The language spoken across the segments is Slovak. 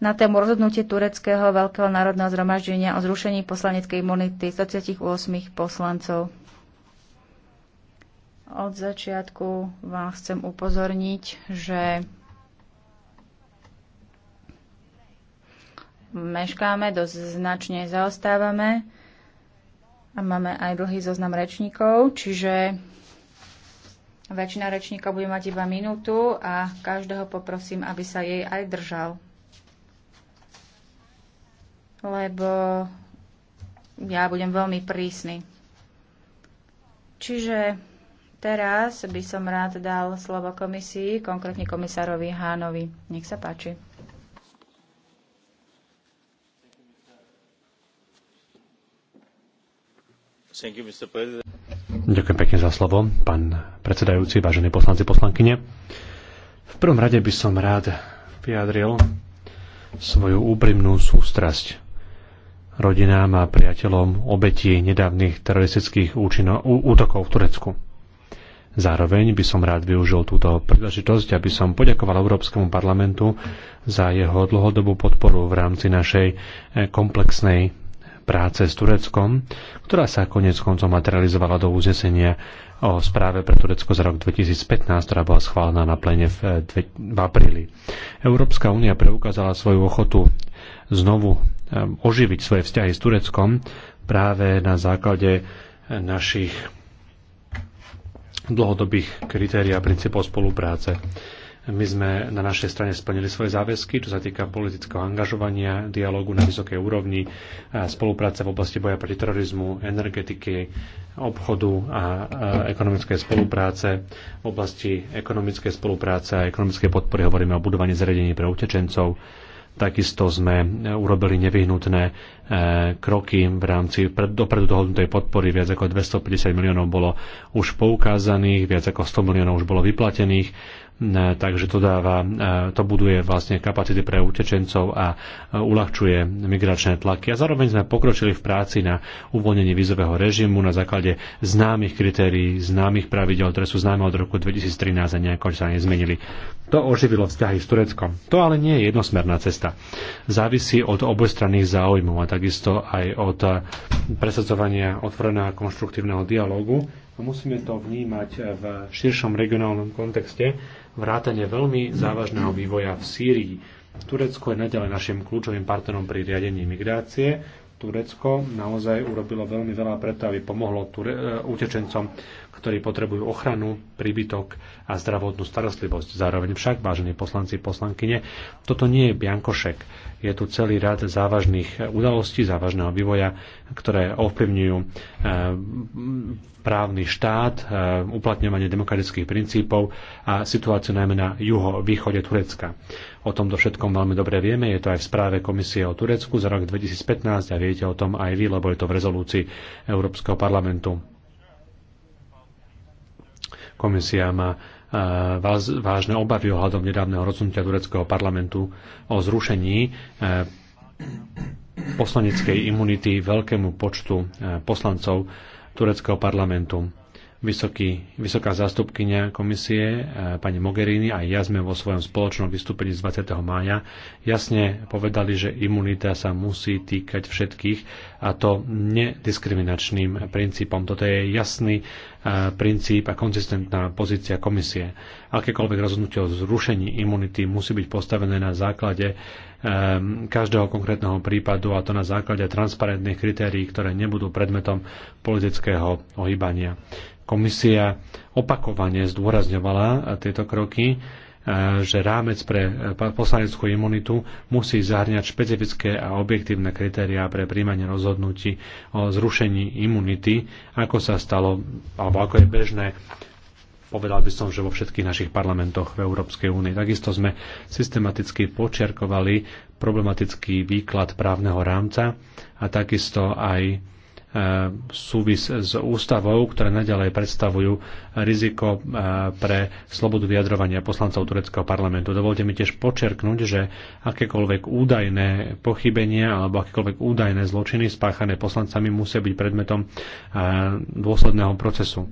na tému rozhodnutie tureckého veľkého národného zhromaždenia o zrušení poslaneckej imunity 38 poslancov. Od začiatku vám chcem upozorniť, že meškáme, dosť značne zaostávame a máme aj dlhý zoznam rečníkov, čiže väčšina rečníkov bude mať iba minútu a každého poprosím, aby sa jej aj držal lebo ja budem veľmi prísny. Čiže teraz by som rád dal slovo komisii, konkrétne komisárovi Hánovi. Nech sa páči. Ďakujem pekne za slovo, pán predsedajúci, vážení poslanci, poslankyne. V prvom rade by som rád vyjadril svoju úprimnú sústrasť rodinám a priateľom obetí nedávnych teroristických účinov, útokov v Turecku. Zároveň by som rád využil túto príležitosť, aby som poďakoval Európskemu parlamentu za jeho dlhodobú podporu v rámci našej e, komplexnej práce s Tureckom, ktorá sa konec koncom materializovala do uznesenia o správe pre Turecko za rok 2015, ktorá bola schválená na plene v, e, v apríli. Európska únia preukázala svoju ochotu znovu Um, oživiť svoje vzťahy s Tureckom práve na základe našich dlhodobých kritérií a princípov spolupráce. My sme na našej strane splnili svoje záväzky, čo sa týka politického angažovania, dialogu na vysokej úrovni, spolupráce v oblasti boja proti terorizmu, energetiky, obchodu a ekonomickej spolupráce. V oblasti ekonomickej spolupráce a ekonomickej podpory hovoríme o budovaní zariadení pre utečencov, Takisto sme e, urobili nevyhnutné e, kroky v rámci dopredu dohodnutej podpory. Viac ako 250 miliónov bolo už poukázaných, viac ako 100 miliónov už bolo vyplatených takže to dáva, e, to buduje vlastne kapacity pre utečencov a e, uľahčuje migračné tlaky. A zároveň sme pokročili v práci na uvoľnení vízového režimu na základe známych kritérií, známych pravidel, ktoré sú známe od roku 2013 a nejako sa nezmenili. To oživilo vzťahy s Tureckom. To ale nie je jednosmerná cesta. Závisí od obojstranných záujmov a takisto aj od e, presadzovania otvoreného konštruktívneho dialógu a musíme to vnímať eh, v širšom regionálnom kontexte, vrátane veľmi závažného vývoja v Sýrii. Turecko je nadalej našim kľúčovým partnerom pri riadení migrácie Turecko naozaj urobilo veľmi veľa preto, aby pomohlo Ture- e, utečencom, ktorí potrebujú ochranu, príbytok a zdravotnú starostlivosť. Zároveň však, vážení poslanci, poslankyne, toto nie je biankošek. Je tu celý rad závažných udalostí, závažného vývoja, ktoré ovplyvňujú e, právny štát, e, uplatňovanie demokratických princípov a situáciu najmä na juho-východe Turecka. O tomto všetkom veľmi dobre vieme, je to aj v správe Komisie o Turecku za rok 2015 a viete o tom aj vy, lebo je to v rezolúcii Európskeho parlamentu. Komisia má e, vážne obavy ohľadom nedávneho rozhodnutia tureckého parlamentu o zrušení e, poslaneckej imunity veľkému počtu e, poslancov tureckého parlamentu. Vysoký, vysoká zástupkynia komisie e, pani Mogherini aj ja sme vo svojom spoločnom vystúpení z 20. mája jasne povedali, že imunita sa musí týkať všetkých a to nediskriminačným princípom. Toto je jasný e, princíp a konzistentná pozícia komisie. Akékoľvek rozhodnutie o zrušení imunity musí byť postavené na základe e, každého konkrétneho prípadu a to na základe transparentných kritérií, ktoré nebudú predmetom politického ohýbania. Komisia opakovane zdôrazňovala tieto kroky, e, že rámec pre e, poslaneckú imunitu musí zahrňať špecifické a objektívne kritériá pre príjmanie rozhodnutí o zrušení imunity, ako sa stalo, alebo ako je bežné povedal by som, že vo všetkých našich parlamentoch v Európskej únii. Takisto sme systematicky počiarkovali problematický výklad právneho rámca a takisto aj E, súvis s ústavou, ktoré naďalej predstavujú riziko e, pre slobodu vyjadrovania poslancov tureckého parlamentu. Dovolte mi tiež počerknúť, že akékoľvek údajné pochybenia alebo akékoľvek údajné zločiny spáchané poslancami musia byť predmetom e, dôsledného procesu.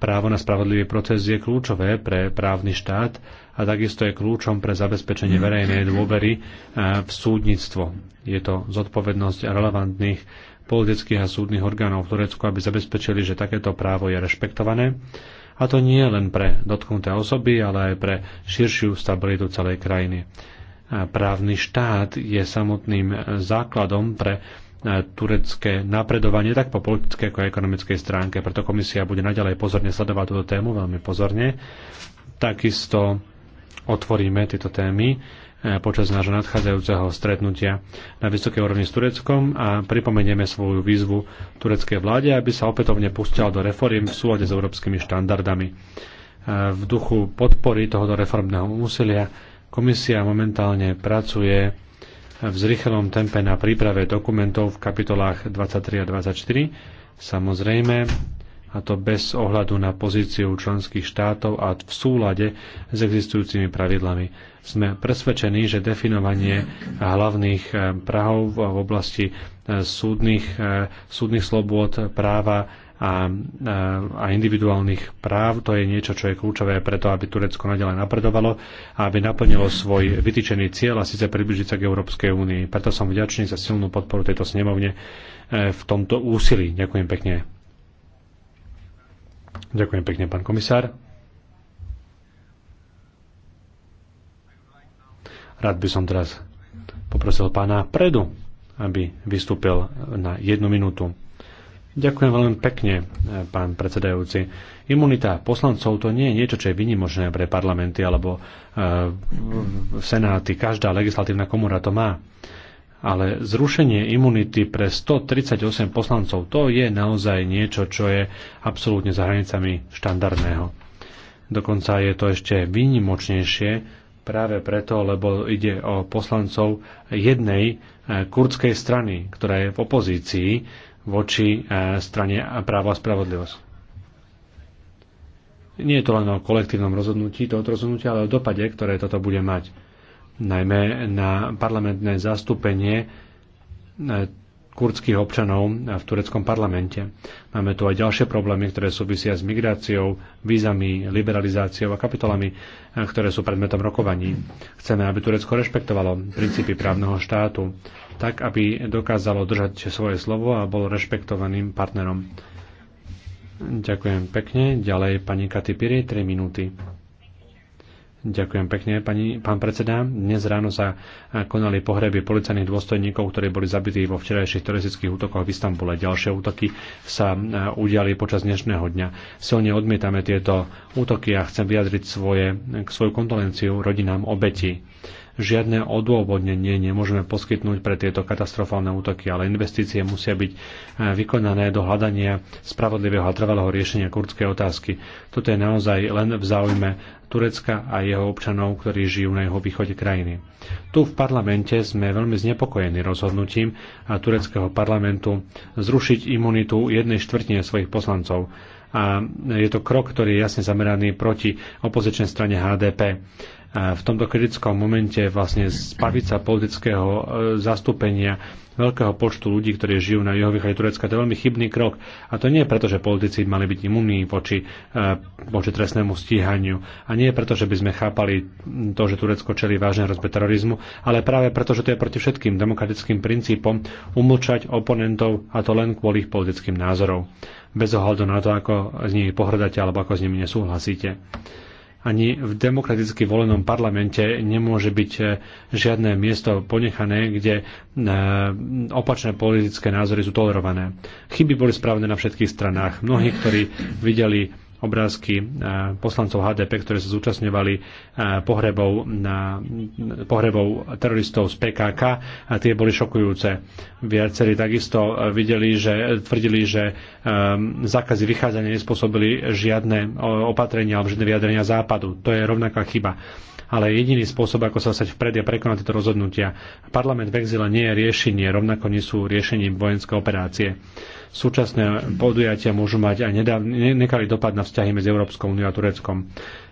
Právo na spravodlivý proces je kľúčové pre právny štát a takisto je kľúčom pre zabezpečenie verejnej dôvery v súdnictvo. Je to zodpovednosť relevantných politických a súdnych orgánov v Turecku, aby zabezpečili, že takéto právo je rešpektované. A to nie len pre dotknuté osoby, ale aj pre širšiu stabilitu celej krajiny. Právny štát je samotným základom pre e, turecké napredovanie tak po politickej ako aj ekonomickej stránke. Preto komisia bude naďalej pozorne sledovať túto tému, veľmi pozorne. Takisto otvoríme tieto témy počas nášho nadchádzajúceho stretnutia na vysokej úrovni s Tureckom a pripomenieme svoju výzvu tureckej vláde, aby sa opätovne pustila do reforiem v súlade s európskymi štandardami. E, v duchu podpory tohoto reformného úsilia komisia momentálne pracuje v zrychlom tempe na príprave dokumentov v kapitolách 23 a 24. Samozrejme, a to bez ohľadu na pozíciu členských štátov a v súlade s existujúcimi pravidlami. Sme presvedčení, že definovanie hlavných eh, prahov v oblasti eh, súdnych, eh, súdnych slobôd, práva a, a individuálnych práv. To je niečo, čo je kľúčové preto, aby Turecko nadalej napredovalo a aby naplnilo svoj vytýčený cieľ a síce približiť sa k Európskej únii. Preto som vďačný za silnú podporu tejto snemovne v tomto úsilí. Ďakujem pekne. Ďakujem pekne, pán komisár. Rád by som teraz poprosil pána Predu, aby vystúpil na jednu minútu. Ďakujem veľmi pekne, pán predsedajúci. Imunita poslancov to nie je niečo, čo je vynimočné pre parlamenty alebo e, senáty. Každá legislatívna komora to má. E, ale zrušenie imunity pre 138 poslancov to je naozaj niečo, čo je absolútne za hranicami štandardného. Dokonca je to ešte výnimočnejšie práve preto, lebo ide o poslancov jednej e, kurdskej strany, ktorá je v opozícii voči e, strane právo a spravodlivosť. Nie je to len o kolektívnom rozhodnutí toho rozhodnutia, ale o dopade, ktoré toto bude mať najmä na parlamentné zastúpenie e, kurdských občanov v tureckom parlamente. Máme tu aj ďalšie problémy, ktoré súvisia s migráciou, vízami, liberalizáciou a kapitolami, e, ktoré sú predmetom rokovaní. Chceme, aby Turecko rešpektovalo princípy právneho štátu, tak aby dokázalo držať svoje slovo a bol rešpektovaným partnerom. Ďakujem pekne. Ďalej pani Katy Piri, 3 minúty. Ďakujem pekne, pani, pán predseda. Dnes ráno sa konali pohreby policajných dôstojníkov, ktorí boli zabití vo včerajších teroristických útokoch v Istambule. Ďalšie útoky sa e, udiali počas dnešného dňa. Silne odmietame tieto útoky a chcem vyjadriť svoje, svoju kondolenciu rodinám obetí žiadne odôvodnenie nemôžeme poskytnúť pre tieto katastrofálne útoky, ale investície musia byť eh, vykonané do hľadania spravodlivého a trvalého riešenia kurdskej otázky. Toto je naozaj len v záujme Turecka a jeho občanov, ktorí žijú na jeho východe krajiny. Tu v parlamente sme veľmi znepokojení rozhodnutím eh, tureckého parlamentu zrušiť imunitu jednej štvrtine svojich poslancov. A je to krok, ktorý je jasne zameraný proti opozičnej strane HDP v tomto kritickom momente vlastne spavica politického e, zastúpenia veľkého počtu ľudí, ktorí žijú na juhovýchode Turecka. To je veľmi chybný krok. A to nie je preto, že politici mali byť imunní voči, e, voči trestnému stíhaniu. A nie je preto, že by sme chápali to, že Turecko čelí vážne rozbe terorizmu, ale práve preto, že to je proti všetkým demokratickým princípom umlčať oponentov a to len kvôli ich politickým názorom. Bez ohľadu na to, ako z nimi pohrdate alebo ako s nimi nesúhlasíte ani v demokraticky volenom parlamente nemôže byť e, žiadne miesto ponechané, kde e, opačné politické názory sú tolerované. Chyby boli správne na všetkých stranách. Mnohí, ktorí videli obrázky eh, poslancov HDP, ktoré sa zúčastňovali eh, pohrebov, na, pohrebov teroristov z PKK a tie boli šokujúce. Viacerí takisto eh, videli, že tvrdili, že zákazy vychádzania nespôsobili žiadne opatrenia alebo žiadne vyjadrenia západu. To je rovnaká chyba ale jediný spôsob, ako sa sať vpred je prekonať tieto rozhodnutia. Parlament v exile nie je riešenie, rovnako nie sú riešením vojenské operácie. Súčasné podujatia môžu mať aj nekalý dopad na vzťahy medzi Európskou úniou a Tureckom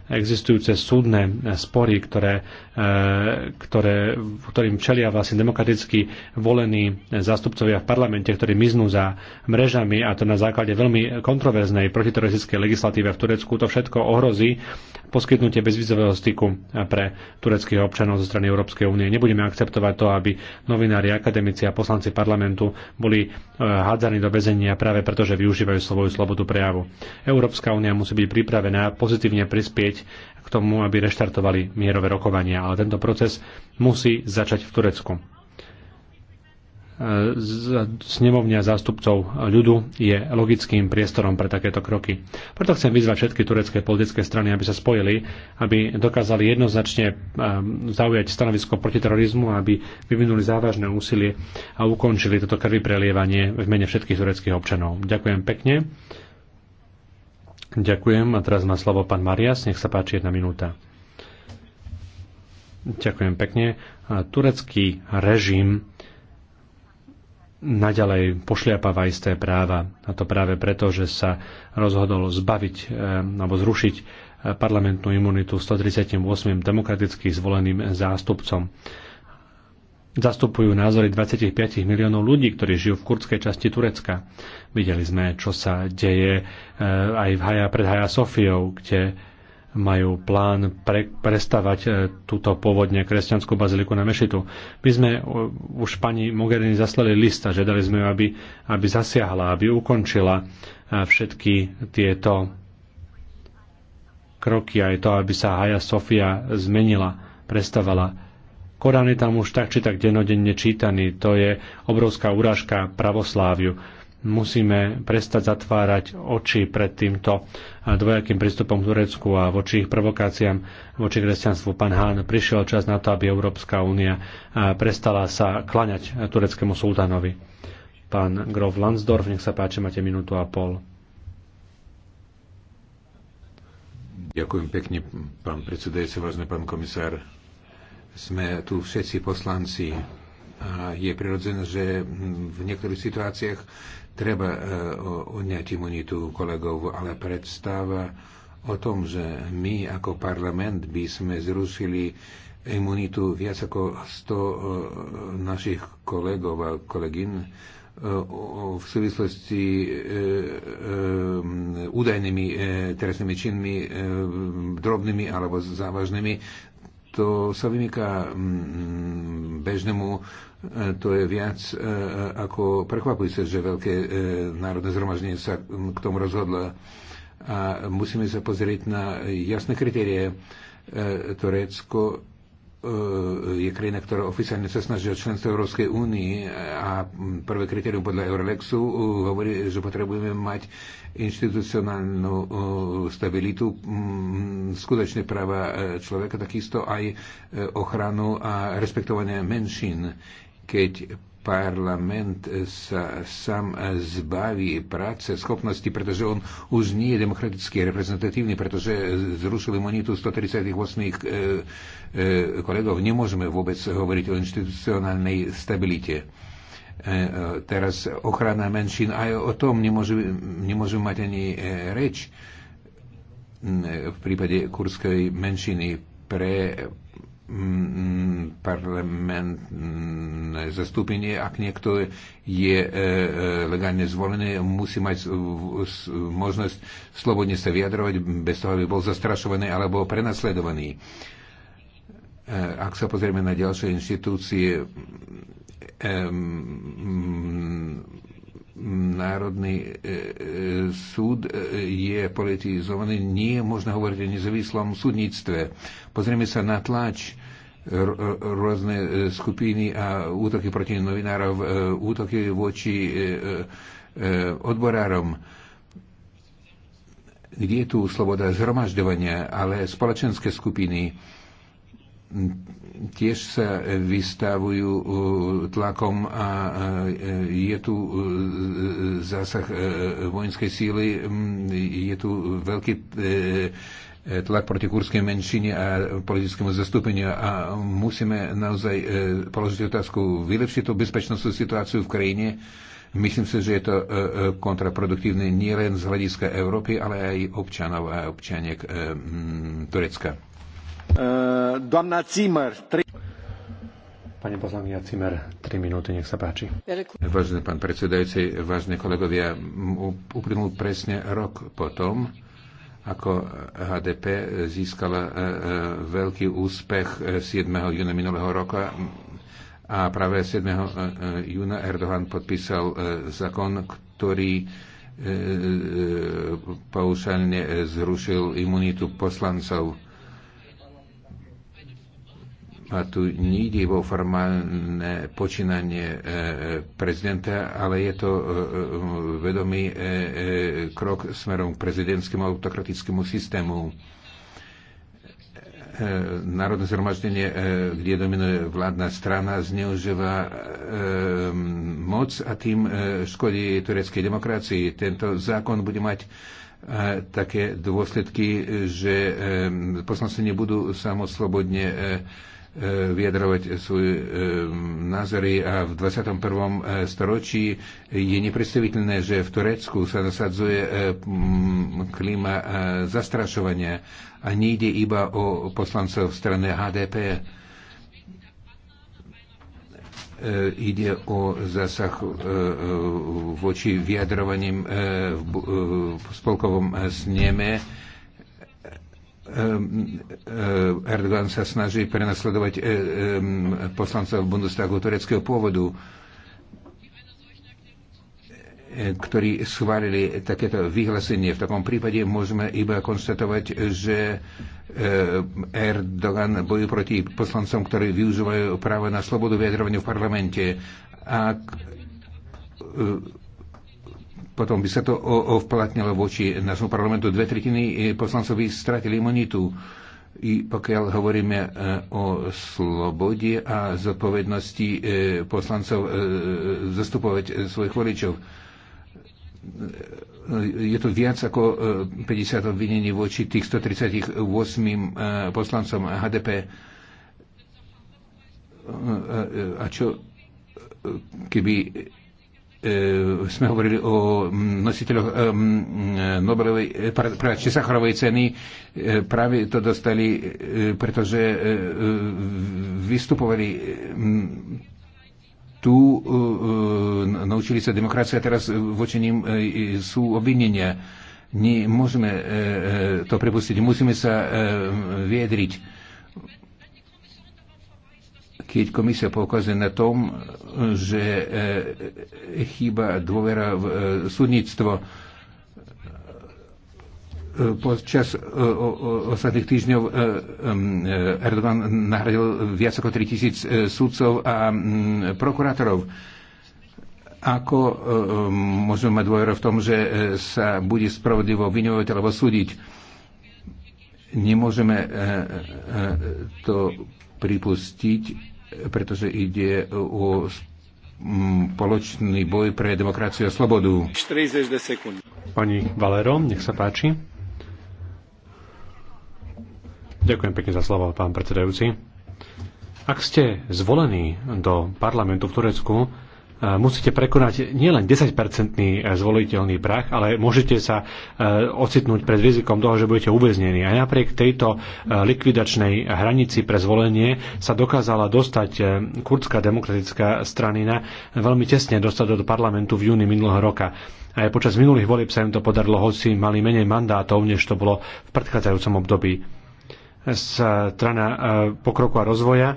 existujúce súdne spory, ktoré, eh, ktoré, ktorým čelia vlastne demokraticky volení zástupcovia v parlamente, ktorí miznú za mrežami a to na základe veľmi kontroverznej protiteroristickej legislatíve v Turecku. To všetko ohrozí poskytnutie bezvizového styku pre tureckých občanov zo strany Európskej únie. Nebudeme akceptovať to, aby novinári, akademici a poslanci parlamentu boli e, hádzaní do väzenia práve preto, že využívajú svoju slobodu prejavu. Európska únia musí byť pripravená pozitívne prispieť k tomu, aby reštartovali mierové rokovania, ale tento proces musí začať v Turecku snemovňa zástupcov ľudu je logickým priestorom pre takéto kroky. Preto chcem vyzvať všetky turecké politické strany, aby sa spojili, aby dokázali jednoznačne um, zaujať stanovisko proti terorizmu, aby vyvinuli závažné úsilie a ukončili toto krvi prelievanie v mene všetkých tureckých občanov. Ďakujem pekne. Ďakujem a teraz má slovo pán Marias. Nech sa páči jedna minúta. Ďakujem pekne. Turecký režim naďalej pošliapáva isté práva. A to práve preto, že sa rozhodol zbaviť eh, alebo zrušiť eh, parlamentnú imunitu 138 demokraticky zvoleným eh, zástupcom. Zastupujú názory 25 miliónov ľudí, ktorí žijú v kurdskej časti Turecka. Videli sme, čo sa deje aj v Haja, pred Haja Sofiou, kde majú plán pre, prestavať e, túto pôvodne kresťanskú baziliku na Mešitu. My sme e, už pani Mogherini zaslali lista, že dali sme ju, aby, aby zasiahla, aby ukončila e, všetky tieto kroky, aj to, aby sa Haja Sofia zmenila, prestavala. Korán je tam už tak či tak denodenne čítaný, to je obrovská úražka pravosláviu musíme prestať zatvárať oči pred týmto dvojakým prístupom k Turecku a voči ich provokáciám voči kresťanstvu. Pán Hán, prišiel čas na to, aby Európska únia prestala sa klaňať tureckému sultánovi. Pán Grof Lansdorf, nech sa páči, máte minútu a pol. Ďakujem pekne, pán predsedajúci, vážny pán komisár. Sme tu všetci poslanci a je prirodzené, že v niektorých situáciách Treba e, odňať imunitu kolegov, ale predstava o tom, že my ako parlament by sme zrušili imunitu viac ako 100 e, našich kolegov a kolegyn e, v súvislosti údajnými trestnými činmi, drobnými alebo závažnými, to sa vymýka mm, mm, bežnému, e, to je viac e, e, ako prekvapujúce, že veľké národné zhromaždenie sa k tomu rozhodlo. A musíme sa pozrieť na jasné kritérie. Turecko E, je krajina, ktorá oficiálne sa snaží o členstvo Európskej únii a prvé kritérium podľa Eurolexu e, hovorí, že potrebujeme mať inštitucionálnu e, stabilitu, mm, skutočne práva človeka, takisto aj ochranu a respektovanie menšín. Keď parlament sa sám zbaví práce, schopnosti, pretože on už nie je demokraticky reprezentatívny, pretože zrušili monitu 138 eh, eh, kolegov. Nemôžeme vôbec hovoriť o inštitucionálnej stabilite. Eh, teraz ochrana menšín, aj o tom nemôžeme nemôžu mať ani reč v prípade kurskej menšiny pre parlamentné zastúpenie, ak niekto je e, e, legálne zvolený, musí mať možnosť slobodne sa vyjadrovať bez toho, aby bol zastrašovaný alebo prenasledovaný. E, ak sa pozrieme na ďalšie inštitúcie, Národný e, e, súd e, je politizovaný, nie je možné hovoriť o nezávislom súdnictve. Pozrieme sa na tlač rôzne skupiny a útoky proti novinárov, útoky voči odborárom. Kde je tu sloboda zhromažďovania, ale spoločenské skupiny tiež sa vystavujú uh, tlakom a je tu uh, zásah uh, vojenskej síly, mm, je tu veľký tlak proti kurskej menšine a politickému zastúpeniu a musíme naozaj položiť otázku, vylepšiť tú bezpečnostnú situáciu v krajine. Myslím si, že je to kontraproduktívne nielen z hľadiska Európy, ale aj občanov a občaniek Turecka. Eh, Pani poslankyňa Cimer, 3 minúty, nech sa páči. Vážený pán predsedajúci, vážení kolegovia, uplynul presne rok potom, ako HDP získala eh, eh, veľký úspech 7. júna minulého roka a práve 7. júna Erdogan podpísal zákon, ktorý paušálne zrušil imunitu poslancov a tu nejde vo formálne počínanie e, e, prezidenta, ale je to e, vedomý krok smerom k prezidentskému autokratickému systému národné zhromaždenie, kde dominuje vládna strana, zneužíva moc a tým škodí tureckej demokracii. Tento zákon bude mať také dôsledky, že poslanci nebudú samoslobodne vyjadrovať svoje názory a v 21. E, storočí je nepredstaviteľné, že v Turecku sa nasadzuje e, klíma e, zastrašovania a nejde iba o poslancov strany HDP ide o zásah voči vyjadrovaním v spolkovom sneme Ehm, ehm, Erdogan sa snaží prenasledovať ehm, poslancov Bundestagu tureckého pôvodu, ktorí schválili takéto vyhlásenie. V takom prípade môžeme iba konštatovať, že Erdogan bojuje proti poslancom, ktorí využívajú právo na slobodu vyjadrovania v parlamente. Ak potom by sa to ovplatnilo voči našom parlamentu. Dve tretiny e, poslancov by stratili imunitu. I pokiaľ hovoríme e, o slobode a zodpovednosti e, poslancov zastupovať svojich voličov, je to viac ako 50 obvinení voči tých 138 poslancom HDP. A čo keby e, sme hovorili o mm, nositeľoch e, mm, e Nobelovej, e, práve Sacharovej ceny, e, práve to dostali, e, pretože e, e vystupovali e, mm, tu, e, naučili sa demokracia teraz voči ním e, sú obvinenia. Nie môžeme e, to prepustiť, musíme sa e, viedriť E, keď komisia poukazuje na tom, že e, chýba dôvera v e, súdnictvo. E, počas ostatných týždňov Erdogan nahradil viac ako 3000 súdcov a prokurátorov. Ako môžeme mať dôveru v tom, že sa bude spravodlivo vyňovať alebo súdiť? Nemôžeme to pripustiť pretože ide o spoločný boj pre demokraciu a slobodu. 40 sekúnd. Pani Valero, nech sa páči. Ďakujem pekne za slovo, pán predsedajúci. Ak ste zvolení do parlamentu v Turecku, musíte prekonať nielen 10-percentný e, zvoliteľný prach, ale môžete sa e, ocitnúť pred rizikom toho, že budete uväznení. A napriek tejto e, likvidačnej hranici pre zvolenie sa dokázala dostať kurdská demokratická stranina veľmi tesne dostať do parlamentu v júni minulého roka. A aj počas minulých volieb sa im to podarilo, hoci mali menej mandátov, než to bolo v predchádzajúcom období. E, strana e, pokroku a rozvoja, e,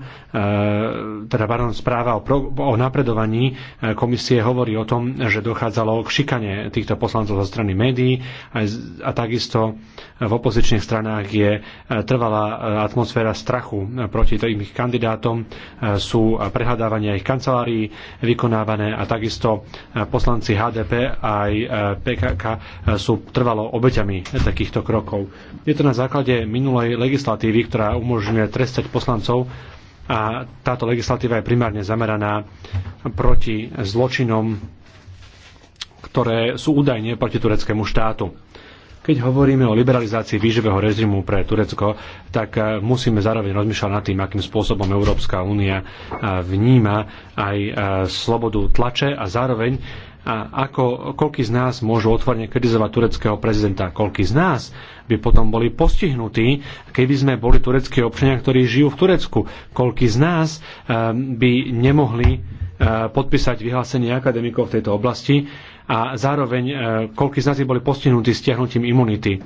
teda pardon, správa o, pro, o napredovaní komisie hovorí o tom, že dochádzalo k šikane týchto poslancov zo strany médií a, a takisto v opozičných stranách je trvalá atmosféra strachu proti ich kandidátom, sú prehľadávania ich kancelárií vykonávané a takisto poslanci HDP aj PKK sú trvalo obeťami takýchto krokov. Je to na základe minulej legislatívy legislatívy, ktorá umožňuje trestať poslancov a táto legislatíva je primárne zameraná proti zločinom, ktoré sú údajne proti tureckému štátu. Keď hovoríme o liberalizácii výživého režimu pre Turecko, tak eh, musíme zároveň rozmýšľať nad tým, akým spôsobom Európska únia eh, vníma aj eh, slobodu tlače a zároveň a ako, koľky z nás môžu otvorene kritizovať tureckého prezidenta, koľky z nás by potom boli postihnutí, keby sme boli tureckí občania, ktorí žijú v Turecku, koľky z nás ehm, by nemohli ehm, podpísať vyhlásenie akademikov v tejto oblasti a zároveň ehm, koľký z nás by boli postihnutí stiahnutím imunity.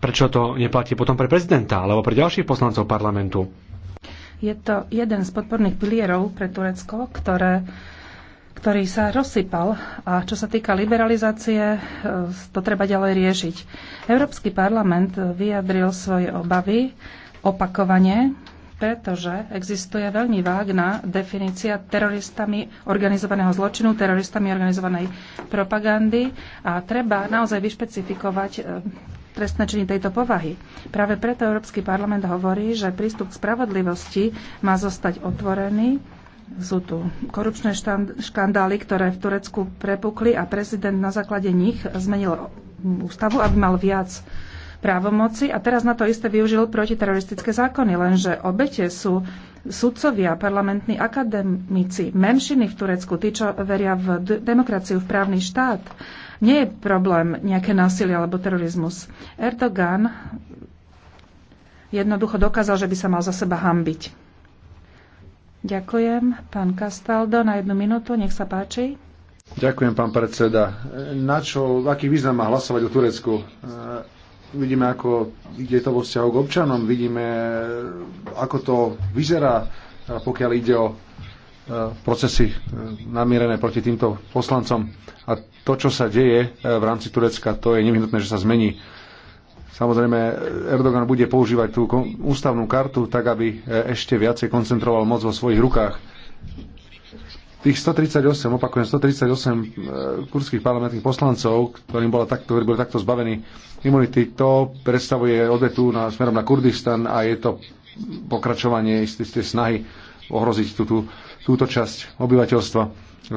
Prečo to neplatí potom pre prezidenta alebo pre ďalších poslancov parlamentu? Je to jeden z podporných pilierov pre Turecko, ktoré ktorý sa rozsypal a čo sa týka liberalizácie, e, to treba ďalej riešiť. Európsky parlament vyjadril svoje obavy opakovane, pretože existuje veľmi vágna definícia teroristami organizovaného zločinu, teroristami organizovanej propagandy a treba naozaj vyšpecifikovať e, trestné činy tejto povahy. Práve preto Európsky parlament hovorí, že prístup k spravodlivosti má zostať otvorený sú tu korupčné škandály, ktoré v Turecku prepukli a prezident na základe nich zmenil ústavu, aby mal viac právomoci a teraz na to isté využil protiteroristické zákony, lenže obete sú sudcovia, parlamentní akademici, menšiny v Turecku, tí, čo veria v demokraciu, v právny štát. Nie je problém nejaké násilie alebo terorizmus. Erdogan jednoducho dokázal, že by sa mal za seba hambiť. Ďakujem. Pán Castaldo, na jednu minútu, nech sa páči. Ďakujem, pán predseda. Na čo, aký význam má hlasovať o Turecku? E, vidíme, ako ide to vo vzťahu k občanom, vidíme, ako to vyzerá, e, pokiaľ ide o e, procesy namierené proti týmto poslancom. A to, čo sa deje v rámci Turecka, to je nevyhnutné, že sa zmení Samozrejme, Erdogan bude používať tú ústavnú kartu tak, aby e, ešte viacej koncentroval moc vo svojich rukách. Tých 138, opakujem, 138 e, kurských parlamentných poslancov, ktorým bola takto, ktorí boli takto zbavení imunity, to predstavuje odvetu na, smerom na Kurdistan a je to pokračovanie isté, snahy ohroziť tú, tú, túto časť obyvateľstva.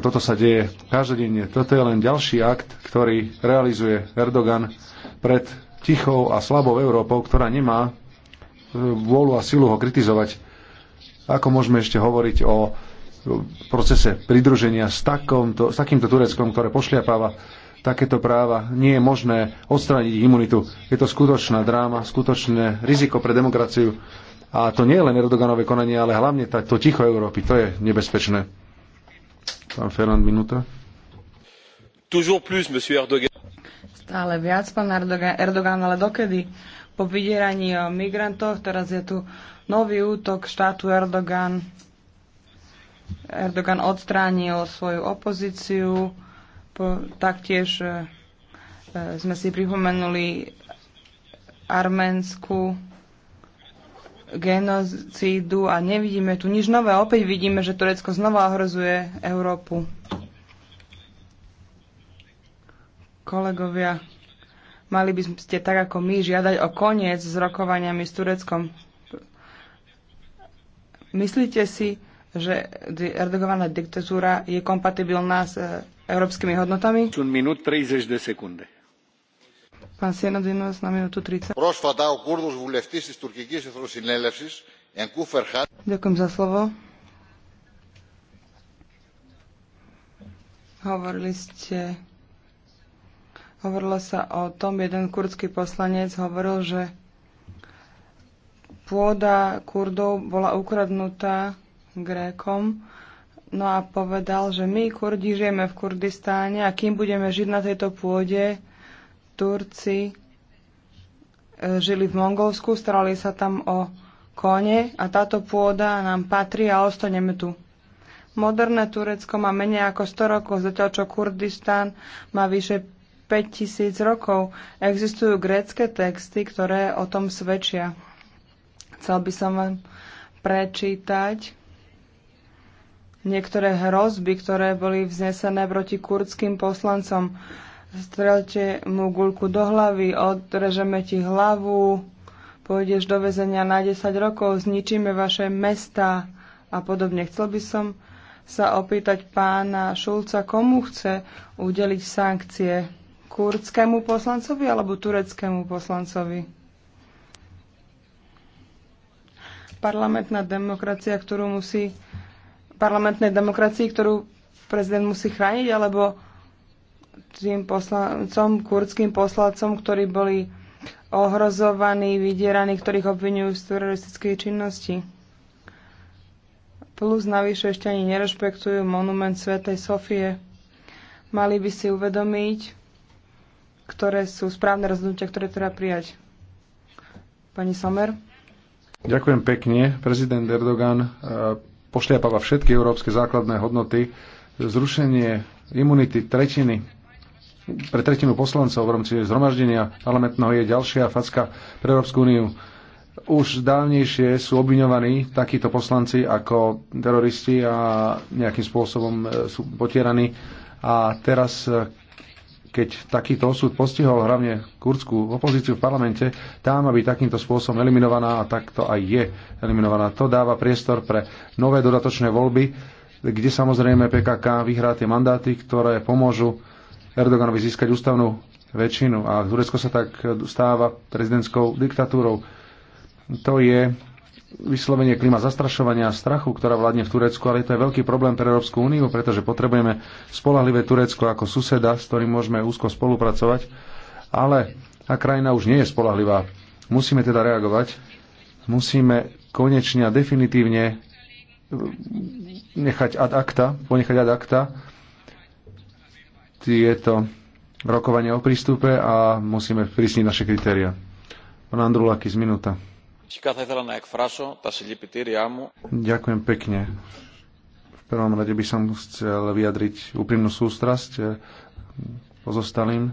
Toto sa deje každodenne. Toto je len ďalší akt, ktorý realizuje Erdogan pred tichou a slabou Európou, ktorá nemá e, vôľu a silu ho kritizovať. Ako môžeme ešte hovoriť o e, procese pridruženia s, takomto, s takýmto Tureckom, ktoré pošliapáva takéto práva, nie je možné odstrániť imunitu. Je to skutočná dráma, skutočné riziko pre demokraciu. A to nie je len Erdoganové konanie, ale hlavne to ticho Európy. To je nebezpečné. Pán Ferland, minúta. Toujours plus, monsieur Erdogan stále viac, pán Erdogan, ale dokedy? Po vydieraní eh, o teraz je tu nový útok štátu Erdogan. Erdogan odstránil svoju opozíciu, po, taktiež e, sme si pripomenuli arménsku genocídu a nevidíme tu nič nové. Opäť vidíme, že Turecko znova ohrozuje Európu. Kolegovia, mali by ste tak ako my žiadať o koniec s rokovaniami s Tureckom. Myslíte si, že Erdogovaná diktatúra je kompatibilná s eh, európskymi hodnotami? Un minút 30 de secunde. Pán dinos na minútu 30. Πρόσφατα ο Κούρδος βουλευτής της τουρκικής εθνοσυνέλευσης, Ενκού Φερχάν... Ďakujem za slovo. Hovorili ste Hovorilo sa o tom, jeden kurdský poslanec hovoril, že pôda Kurdov bola ukradnutá Grékom. No a povedal, že my Kurdi žijeme v Kurdistáne a kým budeme žiť na tejto pôde, Turci e, žili v Mongolsku, starali sa tam o kone a táto pôda nám patrí a ostaneme tu. Moderné Turecko má menej ako 100 rokov, zatiaľ čo Kurdistan má vyše 5000 rokov. Existujú grécké texty, ktoré o tom svedčia. Chcel by som vám prečítať niektoré hrozby, ktoré boli vznesené proti kurdským poslancom. Strelte mu guľku do hlavy, odrežeme ti hlavu, pôjdeš do väzenia na 10 rokov, zničíme vaše mesta a podobne. Chcel by som sa opýtať pána Šulca, komu chce udeliť sankcie kurdskému poslancovi alebo tureckému poslancovi? Parlamentná demokracia, ktorú musí parlamentnej demokracii, ktorú prezident musí chrániť, alebo tým poslancom, kurdským poslancom, ktorí boli ohrozovaní, vydieraní, ktorých obvinujú z teroristickej činnosti. Plus navyše ešte ani nerešpektujú monument Svetej Sofie. Mali by si uvedomiť, ktoré sú správne rozhodnutia, ktoré treba prijať. Pani Somer. Ďakujem pekne. Prezident Erdogan eh, pošliapáva všetky európske základné hodnoty. Zrušenie imunity tretiny pre tretinu poslancov v rámci zhromaždenia parlamentného je ďalšia facka pre Európsku úniu. Už dávnejšie sú obviňovaní takíto poslanci ako teroristi a nejakým spôsobom eh, sú potieraní. A teraz eh, keď takýto osud postihol hlavne kurdskú opozíciu v parlamente, tá má byť takýmto spôsobom eliminovaná a takto aj je eliminovaná. To dáva priestor pre nové dodatočné voľby, kde samozrejme PKK vyhrá tie mandáty, ktoré pomôžu Erdoganovi získať ústavnú väčšinu a Turecko sa tak stáva prezidentskou diktatúrou. To je vyslovenie klima zastrašovania a strachu, ktorá vládne v Turecku, ale to je veľký problém pre Európsku úniu, pretože potrebujeme spolahlivé Turecko ako suseda, s ktorým môžeme úzko spolupracovať, ale tá krajina už nie je spolahlivá. Musíme teda reagovať, musíme konečne a definitívne eh, nechať ad acta, ponechať ad acta tieto rokovania o prístupe a musíme prísniť naše kritéria. Pán Andrulakis, minúta. Ďakujem pekne. V prvom rade by som chcel vyjadriť úprimnú sústrasť eh, pozostalým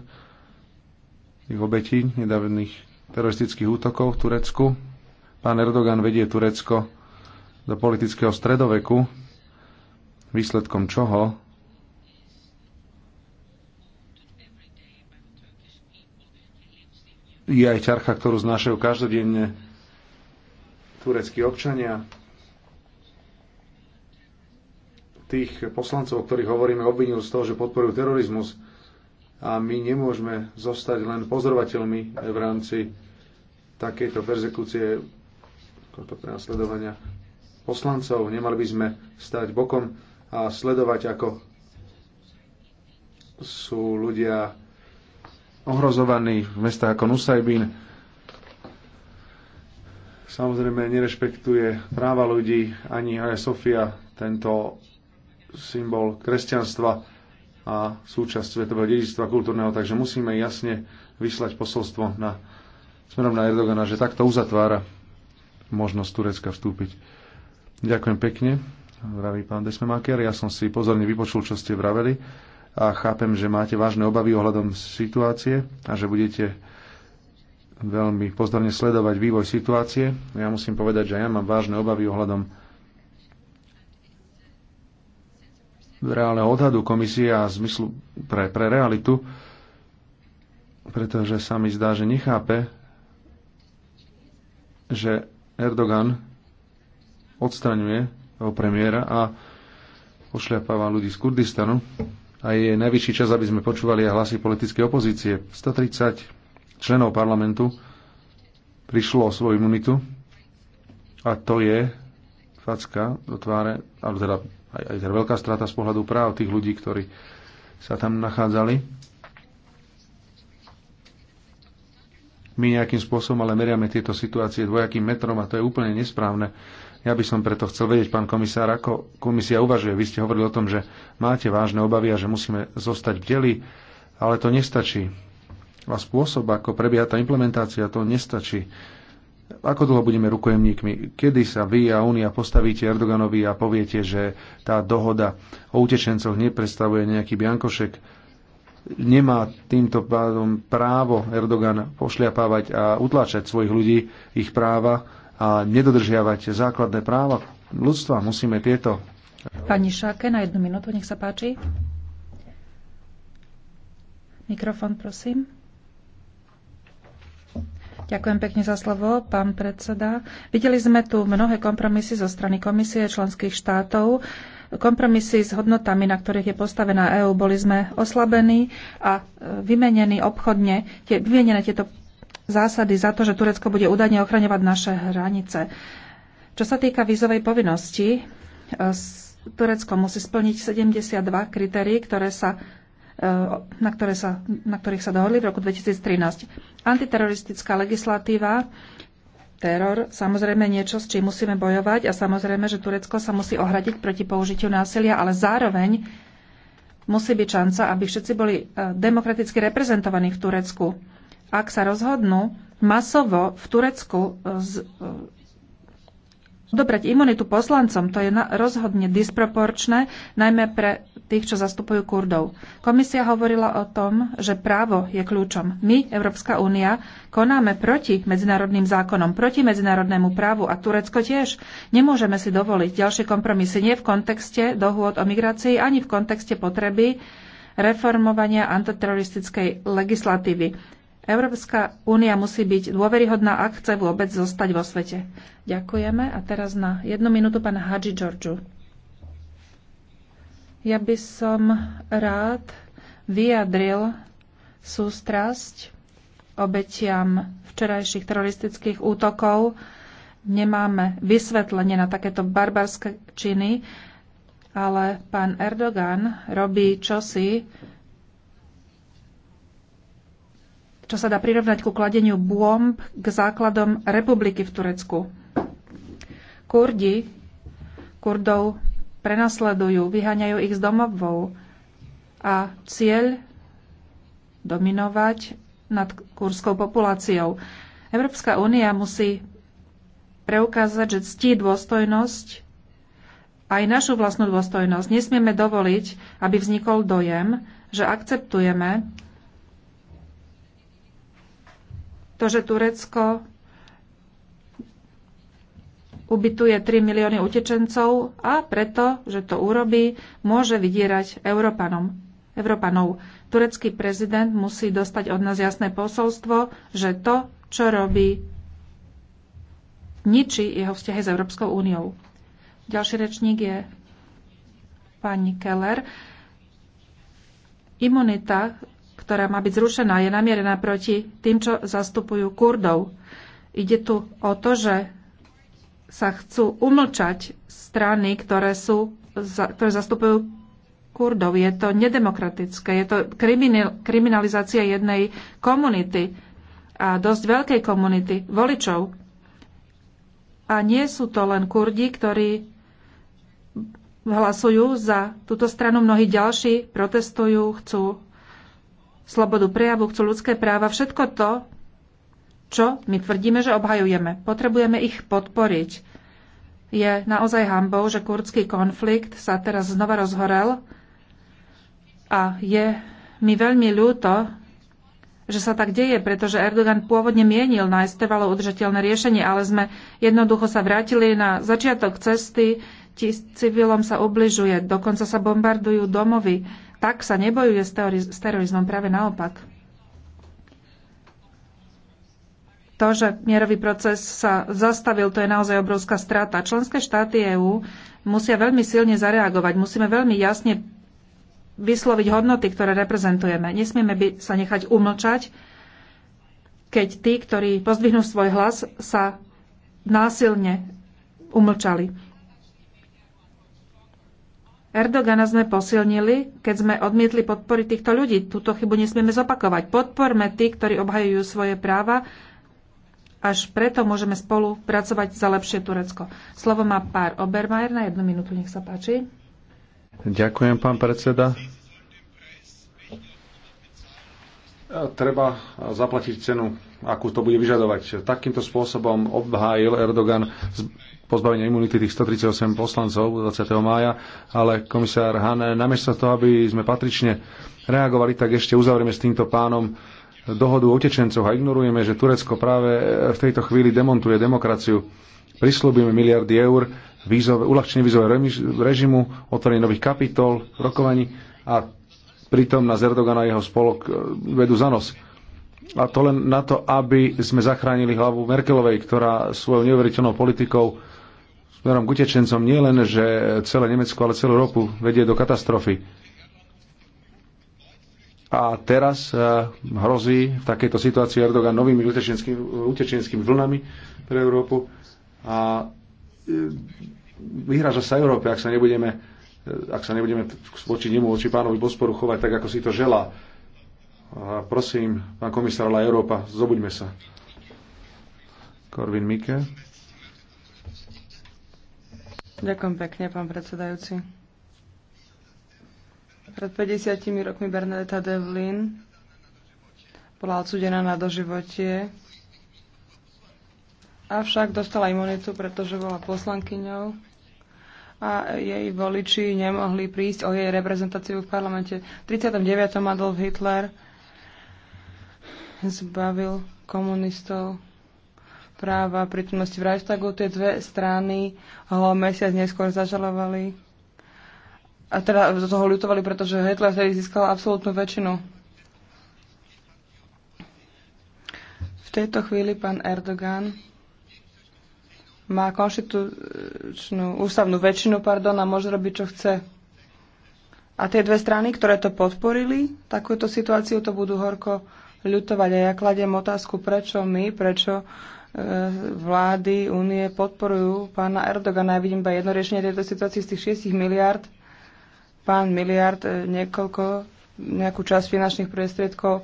ich obetí nedávnych teroristických útokov v Turecku. Pán Erdogan vedie Turecko do politického stredoveku, výsledkom čoho je aj ťarcha, ktorú znášajú každodenne tureckí občania, tých poslancov, o ktorých hovoríme, obvinil z toho, že podporujú terorizmus a my nemôžeme zostať len pozorovateľmi v rámci takejto perzekúcie, prenasledovania poslancov. Nemali by sme stať bokom a sledovať, ako sú ľudia ohrozovaní v mestách ako Nusajbín. Samozrejme, nerešpektuje práva ľudí, ani Hagia Sofia, tento symbol kresťanstva a súčasť svetového dedičstva kultúrneho, takže musíme jasne vyslať posolstvo na, smerom na Erdogana, že takto uzatvára možnosť Turecka vstúpiť. Ďakujem pekne, vraví pán Desmemaker. Ja som si pozorne vypočul, čo ste vraveli a chápem, že máte vážne obavy ohľadom situácie a že budete veľmi pozorne sledovať vývoj situácie. Ja musím povedať, že ja mám vážne obavy ohľadom reálneho odhadu komisie a zmyslu pre, pre realitu, pretože sa mi zdá, že nechápe, že Erdogan odstraňuje premiéra a pošľapáva ľudí z Kurdistanu a je najvyšší čas, aby sme počúvali aj hlasy politickej opozície. 130 členov parlamentu prišlo o svoju imunitu a to je facka do tváre, alebo teda aj, aj teda veľká strata z pohľadu práv tých ľudí, ktorí sa tam nachádzali. My nejakým spôsobom ale meriame tieto situácie dvojakým metrom a to je úplne nesprávne. Ja by som preto chcel vedieť, pán komisár, ako komisia uvažuje. Vy ste hovorili o tom, že máte vážne obavy a že musíme zostať v deli, ale to nestačí a spôsob, ako prebieha tá implementácia, to nestačí. Ako dlho budeme rukojemníkmi? Kedy sa vy a Únia postavíte Erdoganovi a poviete, že tá dohoda o utečencoch nepredstavuje nejaký biankošek? Nemá týmto pádom právo Erdogan pošliapávať a utláčať svojich ľudí, ich práva a nedodržiavať základné práva ľudstva. Musíme tieto... Pani Šáke, na jednu minútu, nech sa páči. Mikrofón, prosím. Ďakujem pekne za slovo, pán predseda. Videli sme tu mnohé kompromisy zo strany komisie členských štátov. Kompromisy s hodnotami, na ktorých je postavená EÚ, boli sme oslabení a e, vymenení obchodne, tie, vymenené tieto zásady za to, že Turecko bude údajne ochraňovať naše hranice. Čo sa týka vízovej povinnosti, e, Turecko musí splniť 72 kritérií, ktoré sa Eh, na, ktoré sa, na ktorých sa dohodli v roku 2013. Antiteroristická legislatíva, teror, samozrejme niečo, s čím musíme bojovať a samozrejme, že Turecko sa musí ohradiť proti použitiu násilia, ale zároveň musí byť šanca, aby všetci boli eh, demokraticky reprezentovaní v Turecku. Ak sa rozhodnú masovo v Turecku eh, Dobrať imunitu poslancom, to je na, rozhodne disproporčné, najmä pre tých, čo zastupujú Kurdov. Komisia hovorila o tom, že právo je kľúčom. My, Európska únia, konáme proti medzinárodným zákonom, proti medzinárodnému právu a Turecko tiež. Nemôžeme si dovoliť ďalšie kompromisy nie v kontexte dohôd o migrácii, ani v kontexte potreby reformovania antiteroristickej legislatívy. Európska únia musí byť dôveryhodná, ak chce vôbec zostať vo svete. Ďakujeme. A teraz na jednu minútu pána Hadži Georgiu. Ja by som rád vyjadril sústrasť obetiam včerajších teroristických útokov. Nemáme vysvetlenie na takéto barbarské činy, ale pán Erdogan robí čosi, čo sa dá prirovnať ku kladeniu bomb k základom republiky v Turecku. Kurdi, Kurdov prenasledujú, vyháňajú ich z domovou a cieľ dominovať nad kurskou populáciou. Európska únia musí preukázať, že ctí dôstojnosť aj našu vlastnú dôstojnosť. Nesmieme dovoliť, aby vznikol dojem, že akceptujeme To, že Turecko ubytuje 3 milióny utečencov a preto, že to urobí, môže vydierať Európanom. Európanov. Turecký prezident musí dostať od nás jasné posolstvo, že to, čo robí, ničí jeho vzťahy s Európskou úniou. Ďalší rečník je pani Keller. Imunita ktorá má byť zrušená, je namierená proti tým, čo zastupujú Kurdov. Ide tu o to, že sa chcú umlčať strany, ktoré, sú, ktoré zastupujú Kurdov. Je to nedemokratické, je to kriminalizácia jednej komunity a dosť veľkej komunity voličov. A nie sú to len Kurdi, ktorí hlasujú za túto stranu, mnohí ďalší protestujú, chcú slobodu prejavu, chcú ľudské práva, všetko to, čo my tvrdíme, že obhajujeme. Potrebujeme ich podporiť. Je naozaj hambou, že kurdský konflikt sa teraz znova rozhorel a je mi veľmi ľúto, že sa tak deje, pretože Erdogan pôvodne mienil nájsť trvalo udržateľné riešenie, ale sme jednoducho sa vrátili na začiatok cesty, civilom sa ubližuje, dokonca sa bombardujú domovy, tak sa nebojuje s terorizmom, práve naopak. To, že mierový proces sa zastavil, to je naozaj obrovská strata. Členské štáty EÚ musia veľmi silne zareagovať. Musíme veľmi jasne vysloviť hodnoty, ktoré reprezentujeme. Nesmieme by sa nechať umlčať, keď tí, ktorí pozdvihnú svoj hlas, sa násilne umlčali. Erdogana sme posilnili, keď sme odmietli podpory týchto ľudí. Túto chybu nesmieme zopakovať. Podporme tí, ktorí obhajujú svoje práva. Až preto môžeme spolu pracovať za lepšie Turecko. Slovo má pár Obermajer na jednu minútu, nech sa páči. Ďakujem, pán predseda. Treba zaplatiť cenu, akú to bude vyžadovať. Takýmto spôsobom obhájil Erdogan pozbavenie imunity tých 138 poslancov 20. mája, ale komisár Han, namiesto toho, aby sme patrične reagovali, tak ešte uzavrieme s týmto pánom dohodu o utečencoch a ignorujeme, že Turecko práve v tejto chvíli demontuje demokraciu. Prislúbime miliardy eur, výzove, uľahčenie vízového režimu, otvorenie nových kapitol, rokovaní a pritom na Zerdogana jeho spolok e, vedú za nos. A to len na to, aby sme zachránili hlavu Merkelovej, ktorá svojou neuveriteľnou politikou smerom k utečencom nie len, že celé Nemecko, ale celú Európu vedie do katastrofy. A teraz eh, hrozí v takejto situácii Erdogan novými utečenskými, vlnami pre Európu a eh, vyhraža sa Európe, ak sa nebudeme, eh, ak sa nebudeme voči nemu, voči pánovi Bosporu chovať tak, ako si to želá. A prosím, pán komisár, ale Európa, zobuďme sa. Korvin Mike. Ďakujem pekne, pán predsedajúci. Pred 50 rokmi Bernadetta Devlin bola odsudená na doživotie, avšak dostala imunitu, pretože bola poslankyňou a jej voliči nemohli prísť o jej reprezentáciu v parlamente. V 39. Adolf Hitler zbavil komunistov práva prítomnosti v Reichstagu. Tie dve strany ho mesiac neskôr zažalovali. A teda toho ľutovali, pretože Hitler vtedy získal absolútnu väčšinu. V tejto chvíli pán Erdogan má konštitučnú ústavnú väčšinu pardon, a môže robiť, čo chce. A tie dve strany, ktoré to podporili, takúto situáciu to budú horko ľutovať. A ja kladiem otázku, prečo my, prečo Eh, vlády únie podporujú pána Erdogana. Ja vidím iba jedno riešenie tejto situácii z tých 6 miliard. Pán miliard eh, niekoľko, nejakú časť finančných prostriedkov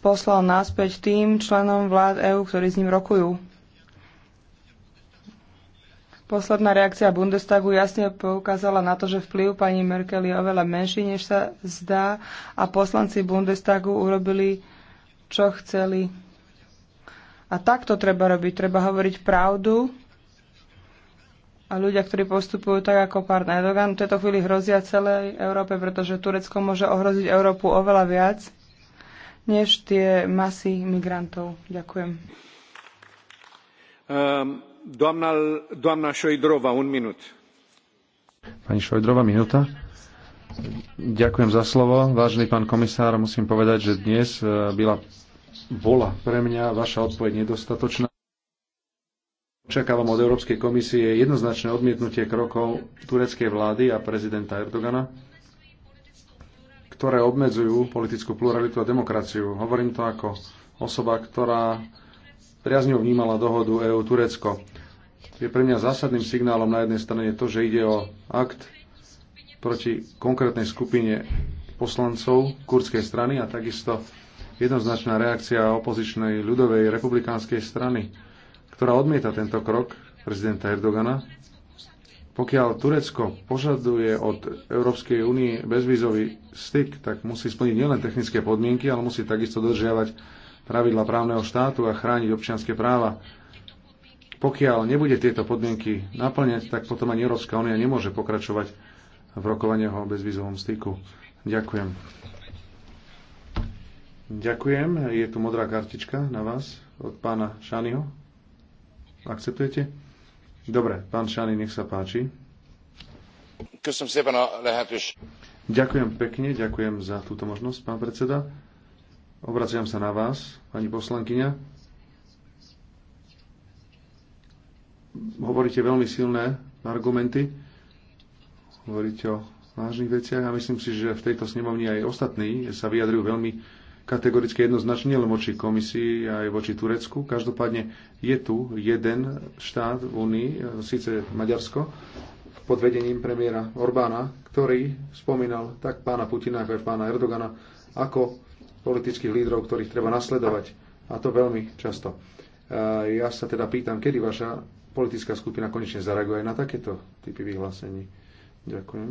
poslal naspäť tým členom vlád EÚ, ktorí s ním rokujú. Posledná reakcia Bundestagu jasne poukázala na to, že vplyv pani Merkel je oveľa menší, než sa zdá a poslanci Bundestagu urobili, čo chceli. A tak to treba robiť. Treba hovoriť pravdu. A ľudia, ktorí postupujú tak ako pár Erdogan, v tejto chvíli hrozia celej Európe, pretože Turecko môže ohroziť Európu oveľa viac než tie masy migrantov. Ďakujem. Um, doamna, doamna Šojdrova, un minút. Pani Šojdrova, minúta. Ďakujem za slovo. Vážený pán komisár, musím povedať, že dnes eh, byla bola pre mňa vaša odpoveď nedostatočná. Očakávam od Európskej komisie jednoznačné odmietnutie krokov tureckej vlády a prezidenta Erdogana, ktoré obmedzujú politickú pluralitu a demokraciu. Hovorím to ako osoba, ktorá priazňou vnímala dohodu EU-Turecko. Je pre mňa zásadným signálom na jednej strane to, že ide o akt proti konkrétnej skupine poslancov kurdskej strany a takisto jednoznačná reakcia opozičnej ľudovej republikánskej strany, ktorá odmieta tento krok prezidenta Erdogana. Pokiaľ Turecko požaduje od Európskej únie bezvízový styk, tak musí splniť nielen technické podmienky, ale musí takisto dodržiavať pravidla právneho štátu a chrániť občianské práva. Pokiaľ nebude tieto podmienky naplňať, tak potom ani Európska únia nemôže pokračovať v rokovaniach o bezvízovom styku. Ďakujem. Ďakujem. Je tu modrá kartička na vás od pána Šányho. Akceptujete? Dobre, pán Šány, nech sa páči. Ďakujem pekne, ďakujem za túto možnosť, pán predseda. Obraciam sa na vás, pani poslankyňa. Hovoríte veľmi silné argumenty, hovoríte o vážnych veciach a myslím si, že v tejto snemovni aj ostatní sa vyjadrujú veľmi kategoricky jednoznačne nielen voči komisii, aj voči Turecku. Každopádne je tu jeden štát v Únii, e, síce Maďarsko, pod vedením premiéra Orbána, ktorý spomínal tak pána Putina, ako aj pána Erdogana, ako politických lídrov, ktorých treba nasledovať. A to veľmi často. E, ja sa teda pýtam, kedy vaša politická skupina konečne zareaguje na takéto typy vyhlásení. Ďakujem.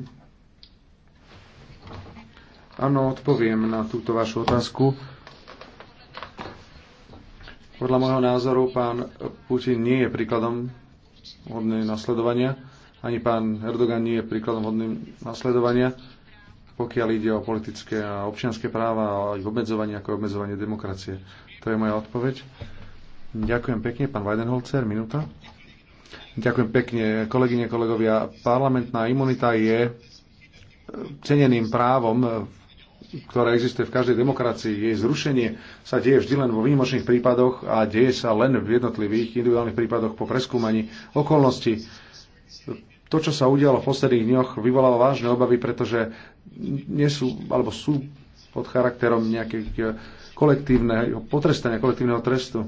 Áno, odpoviem na túto vašu otázku. Podľa môjho názoru pán Putin nie je príkladom hodnej nasledovania, ani pán Erdogan nie je príkladom hodným nasledovania, pokiaľ ide o politické a občianské práva a aj obmedzovanie ako obmedzovanie demokracie. To je moja odpoveď. Ďakujem pekne, pán Weidenholzer, minúta. Ďakujem pekne, kolegyne, kolegovia. Parlamentná imunita je ceneným právom v ktorá existuje v každej demokracii, jej zrušenie sa deje vždy len vo výnimočných prípadoch a deje sa len v jednotlivých individuálnych prípadoch po preskúmaní okolností. To, čo sa udialo v posledných dňoch, vyvolalo vážne obavy, pretože nie sú, alebo sú pod charakterom nejakých eh, kolektívneho potrestania, kolektívneho trestu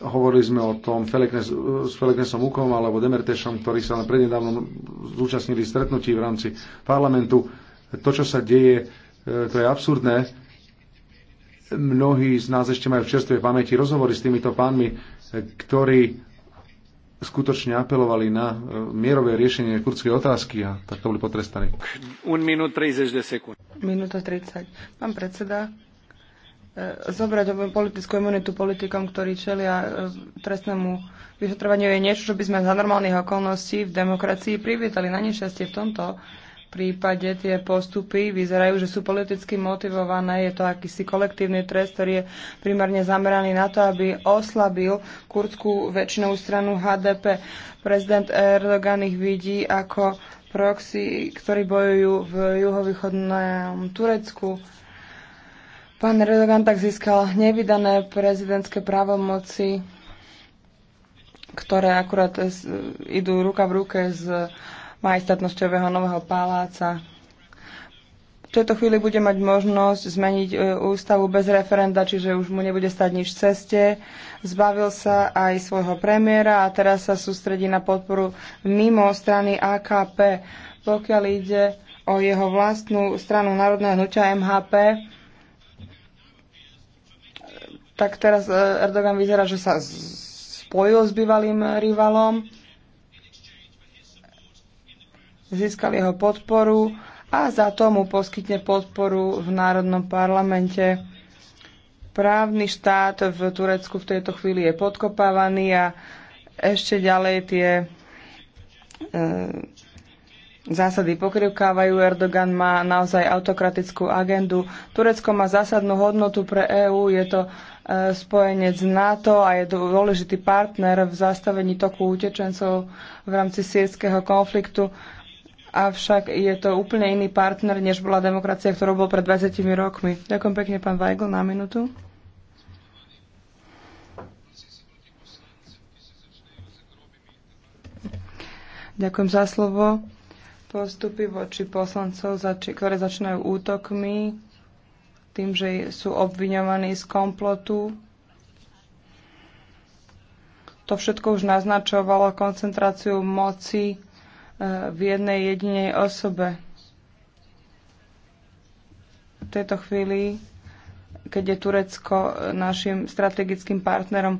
Hovorili sme o tom Felekne, s Feleknesom Ukom alebo Demertešom, ktorí sa len prednedávno zúčastnili stretnutí v rámci parlamentu. To, čo sa deje, e, to je absurdné. Mnohí z nás ešte majú v čerstvej pamäti rozhovory s týmito pánmi, e, ktorí skutočne apelovali na e, mierové riešenie kurdskej otázky a takto boli potrestaní. Minúta 30. Pán predseda, E, zobrať politickú imunitu politikom, ktorí čelia e, trestnému vyšetrovaniu, je niečo, čo by sme za normálnych okolností v demokracii privítali. Na nešťastie v tomto prípade tie postupy vyzerajú, že sú politicky motivované. Je to akýsi kolektívny trest, ktorý je primárne zameraný na to, aby oslabil kurdskú väčšinovú stranu HDP. Prezident Erdogan ich vidí ako proxy, ktorí bojujú v juhovýchodnom Turecku Pán Erdogan tak získal nevydané prezidentské právomoci, ktoré akurát idú ruka v ruke z jeho nového paláca. V tejto chvíli bude mať možnosť zmeniť e, ústavu bez referenda, čiže už mu nebude stať nič v ceste. Zbavil sa aj svojho premiéra a teraz sa sústredí na podporu mimo strany AKP. Pokiaľ ide o jeho vlastnú stranu národného hnutia MHP, tak teraz e, Erdogan vyzerá, že sa spojil s bývalým rivalom, získal jeho podporu a za to mu poskytne podporu v Národnom parlamente. Právny štát v Turecku v tejto chvíli je podkopávaný a ešte ďalej tie e, zásady pokrivkávajú. Erdogan má naozaj autokratickú agendu. Turecko má zásadnú hodnotu pre EÚ, je to e, spojenec NATO a je dôležitý partner v zastavení toku utečencov v rámci sírskeho konfliktu. Avšak je to úplne iný partner, než bola demokracia, ktorou bol pred 20 rokmi. Ďakujem pekne, pán Weigl, na minútu. Ďakujem za slovo postupy voči poslancov, ktoré začínajú útokmi, tým, že sú obviňovaní z komplotu. To všetko už naznačovalo koncentráciu moci e, v jednej jedinej osobe. V tejto chvíli, keď je Turecko našim strategickým partnerom,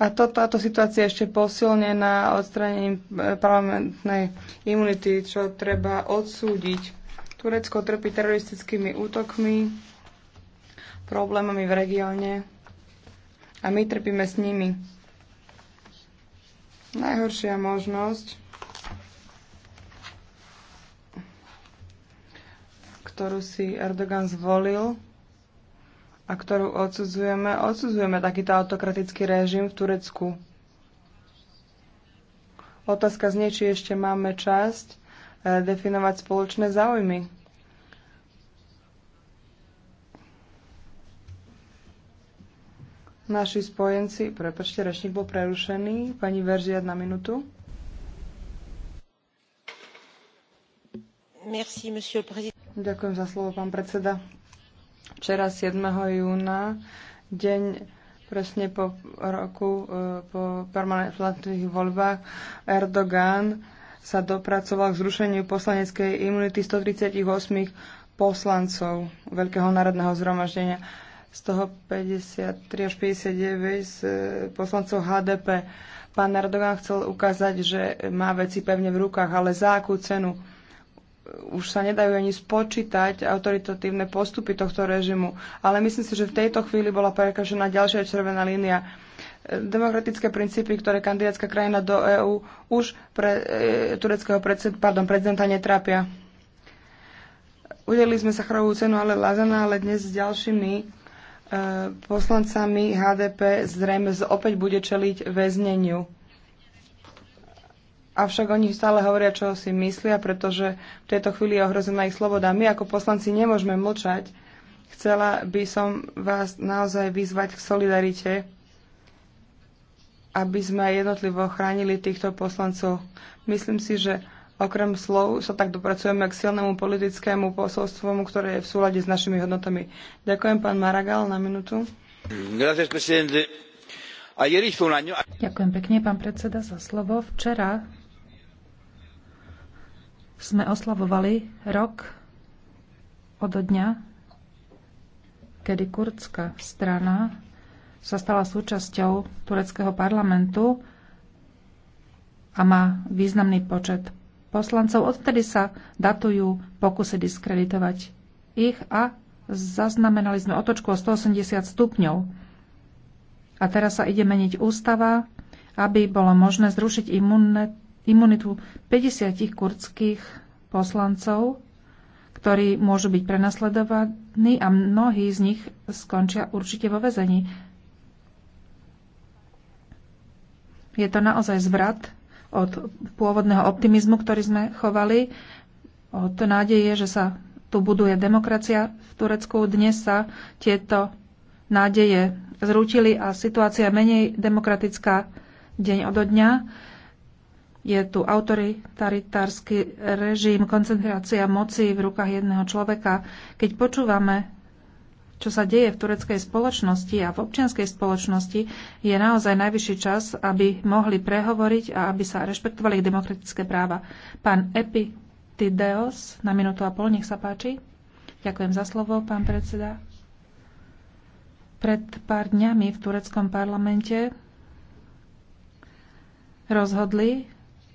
a to, táto situácia je ešte posilnená odstranením e, parlamentnej imunity, čo treba odsúdiť. Turecko trpí teroristickými útokmi, problémami v regióne a my trpíme s nimi. Najhoršia možnosť, ktorú si Erdogan zvolil, a ktorú odsudzujeme, odsudzujeme takýto autokratický režim v Turecku. Otázka znie, či ešte máme časť e, definovať spoločné záujmy. Naši spojenci, prepačte, rečník bol prerušený. Pani Veržiad na minútu. Ďakujem za slovo, pán predseda Včera 7. júna, deň presne po roku, e, po parlamentných voľbách, Erdogan sa dopracoval k zrušeniu poslaneckej imunity 138 poslancov Veľkého národného zhromaždenia. Z toho 53 až 59 z e, poslancov HDP. Pán Erdogan chcel ukázať, že má veci pevne v rukách, ale za akú cenu? už sa nedajú ani spočítať autoritatívne postupy tohto režimu. Ale myslím si, že v tejto chvíli bola prekažená ďalšia červená línia. Demokratické princípy, ktoré kandidátska krajina do EÚ už pre e, tureckého predsed, pardon, prezidenta netrápia. Udelili sme sa Chrovú cenu ale Lazana, ale dnes s ďalšími e, poslancami HDP zrejme opäť bude čeliť väzneniu. Avšak oni stále hovoria, čo si myslia, pretože v tejto chvíli je ohrozená ich sloboda. My ako poslanci nemôžeme mlčať. Chcela by som vás naozaj vyzvať k solidarite, aby sme jednotlivo chránili týchto poslancov. Myslím si, že okrem slov sa tak dopracujeme k silnému politickému posolstvu, ktoré je v súlade s našimi hodnotami. Ďakujem, pán Maragal, na minútu. Ďakujem pekne, pán predseda, za slovo. Včera sme oslavovali rok od dňa, kedy kurdská strana sa stala súčasťou tureckého parlamentu a má významný počet poslancov. Odtedy sa datujú pokusy diskreditovať ich a zaznamenali sme otočku o 180 stupňov. A teraz sa ide meniť ústava, aby bolo možné zrušiť imunet imunitu 50 kurdských poslancov, ktorí môžu byť prenasledovaní a mnohí z nich skončia určite vo väzení. Je to naozaj zvrat od pôvodného optimizmu, ktorý sme chovali, od nádeje, že sa tu buduje demokracia v Turecku. Dnes sa tieto nádeje zrútili a situácia menej demokratická deň odo dňa. Je tu autoritársky režim, koncentrácia moci v rukách jedného človeka. Keď počúvame, čo sa deje v tureckej spoločnosti a v občianskej spoločnosti, je naozaj najvyšší čas, aby mohli prehovoriť a aby sa rešpektovali ich demokratické práva. Pán Epitideos, na minútu a pol, nech sa páči. Ďakujem za slovo, pán predseda. Pred pár dňami v tureckom parlamente rozhodli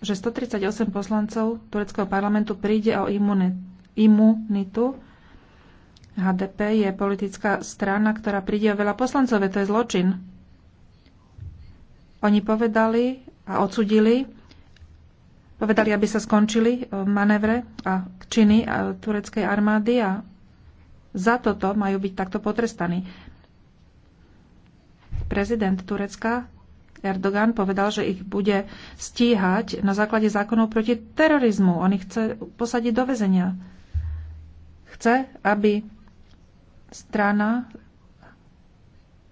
že 138 poslancov tureckého parlamentu príde o imunitu. HDP je politická strana, ktorá príde o veľa poslancov, to je zločin. Oni povedali a odsudili, povedali, aby sa skončili eh, manévre a činy eh, tureckej armády a za toto majú byť takto potrestaní. Prezident Turecka Erdogan povedal, že ich bude stíhať na základe zákonov proti terorizmu. On ich chce posadiť do väzenia. Chce, aby strana,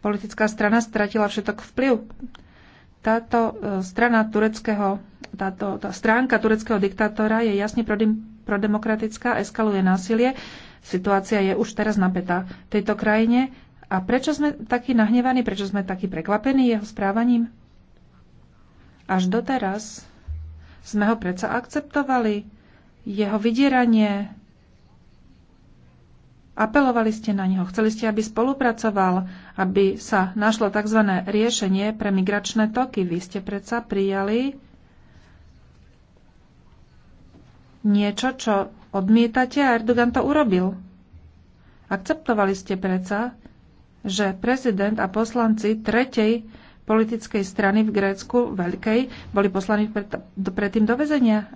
politická strana stratila všetok vplyv. Táto e, strana tureckého, táto tá stránka tureckého diktátora je jasne prodemokratická, eskaluje násilie. Situácia je už teraz napätá v tejto krajine. A prečo sme takí nahnevaní, prečo sme takí prekvapení jeho správaním? Až doteraz sme ho predsa akceptovali, jeho vydieranie. Apelovali ste na neho, chceli ste, aby spolupracoval, aby sa našlo tzv. riešenie pre migračné toky. Vy ste predsa prijali niečo, čo odmietate a Erdogan to urobil. Akceptovali ste predsa, že prezident a poslanci tretej politickej strany v Grécku, veľkej, boli poslaní predtým do vezenia?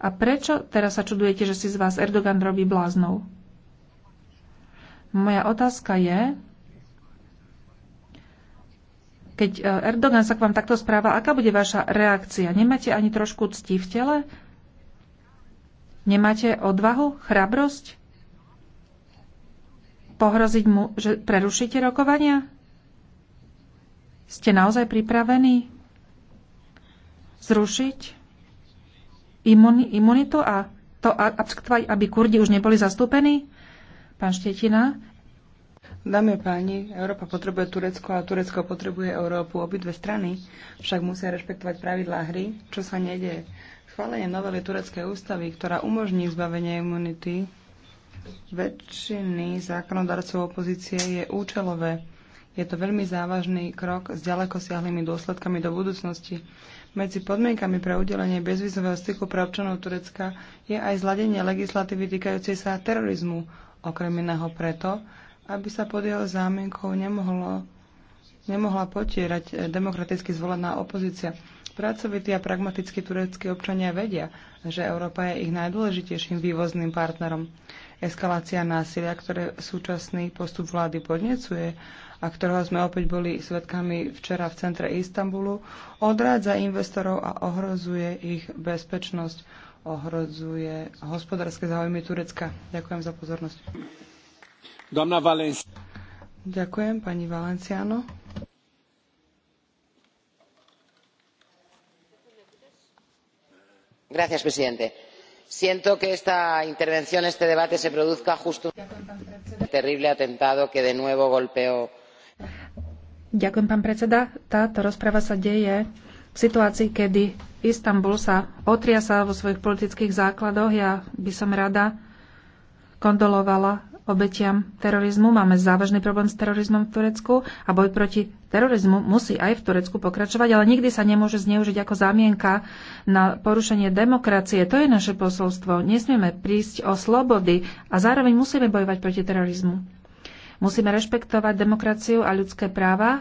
A prečo teraz sa čudujete, že si z vás Erdogan robí bláznou? Moja otázka je, keď e, Erdogan sa k vám takto správa, aká bude vaša reakcia? Nemáte ani trošku cti v tele? Nemáte odvahu, chrabrosť? Pohroziť mu, že prerušíte rokovania? Ste naozaj pripravení zrušiť imunitu a to, aby Kurdi už neboli zastúpení? Pán Štetina, Dámy a páni, Európa potrebuje Turecko a Turecko potrebuje Európu. Obidve strany však musia rešpektovať pravidlá hry, čo sa nedieje. Schválenie novely tureckej ústavy, ktorá umožní zbavenie imunity väčšiny zákonodarcov opozície, je účelové. Je to veľmi závažný krok s ďaleko siahlými dôsledkami do budúcnosti. Medzi podmienkami pre udelenie bezvizového styku pre občanov Turecka je aj zladenie legislatívy týkajúcej sa terorizmu, okrem iného preto, aby sa pod jeho zámienkou nemohlo, nemohla potierať eh, demokraticky zvolená opozícia. Pracovití a pragmatickí tureckí občania vedia, že Európa je ich najdôležitejším vývozným partnerom. Eskalácia násilia, ktoré súčasný postup vlády podnecuje a ktorého sme opäť boli svetkami včera v centre Istanbulu, odrádza investorov a ohrozuje ich bezpečnosť, ohrozuje hospodárske záujmy Turecka. Ďakujem za pozornosť. Dámna Valencia. Ďakujem, pani Valenciano. Gracias, presidente siento que esta intervención este debate se produzca justo en terrible atentado que de nuevo golpeó Ďakujem, pán predseda. Táto rozprava sa deje v situácii, kedy Istanbul sa otriasa vo svojich politických základoch. Ja by som rada kondolovala obetiam terorizmu. Máme závažný problém s terorizmom v Turecku a boj proti terorizmu musí aj v Turecku pokračovať, ale nikdy sa nemôže zneužiť ako zámienka na porušenie demokracie. To je naše posolstvo. Nesmieme prísť o slobody a zároveň musíme bojovať proti terorizmu. Musíme rešpektovať demokraciu a ľudské práva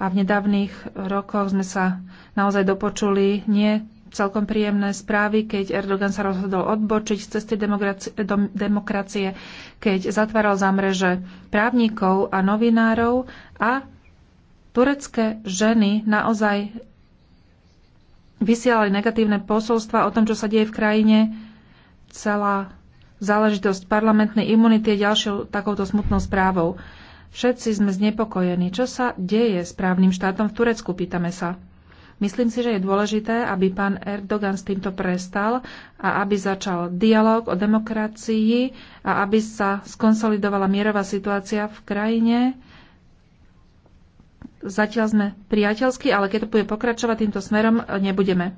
a v nedávnych rokoch sme sa naozaj dopočuli nie celkom príjemné správy, keď Erdogan sa rozhodol odbočiť z cesty demokracie, keď zatváral zámreže právnikov a novinárov a turecké ženy naozaj vysielali negatívne posolstva o tom, čo sa deje v krajine. Celá záležitosť parlamentnej imunity je ďalšou takouto smutnou správou. Všetci sme znepokojení. Čo sa deje s právnym štátom v Turecku, pýtame sa. Myslím si, že je dôležité, aby pán Erdogan s týmto prestal a aby začal dialog o demokracii a aby sa skonsolidovala mierová situácia v krajine. Zatiaľ sme priateľskí, ale keď to bude pokračovať týmto smerom, nebudeme.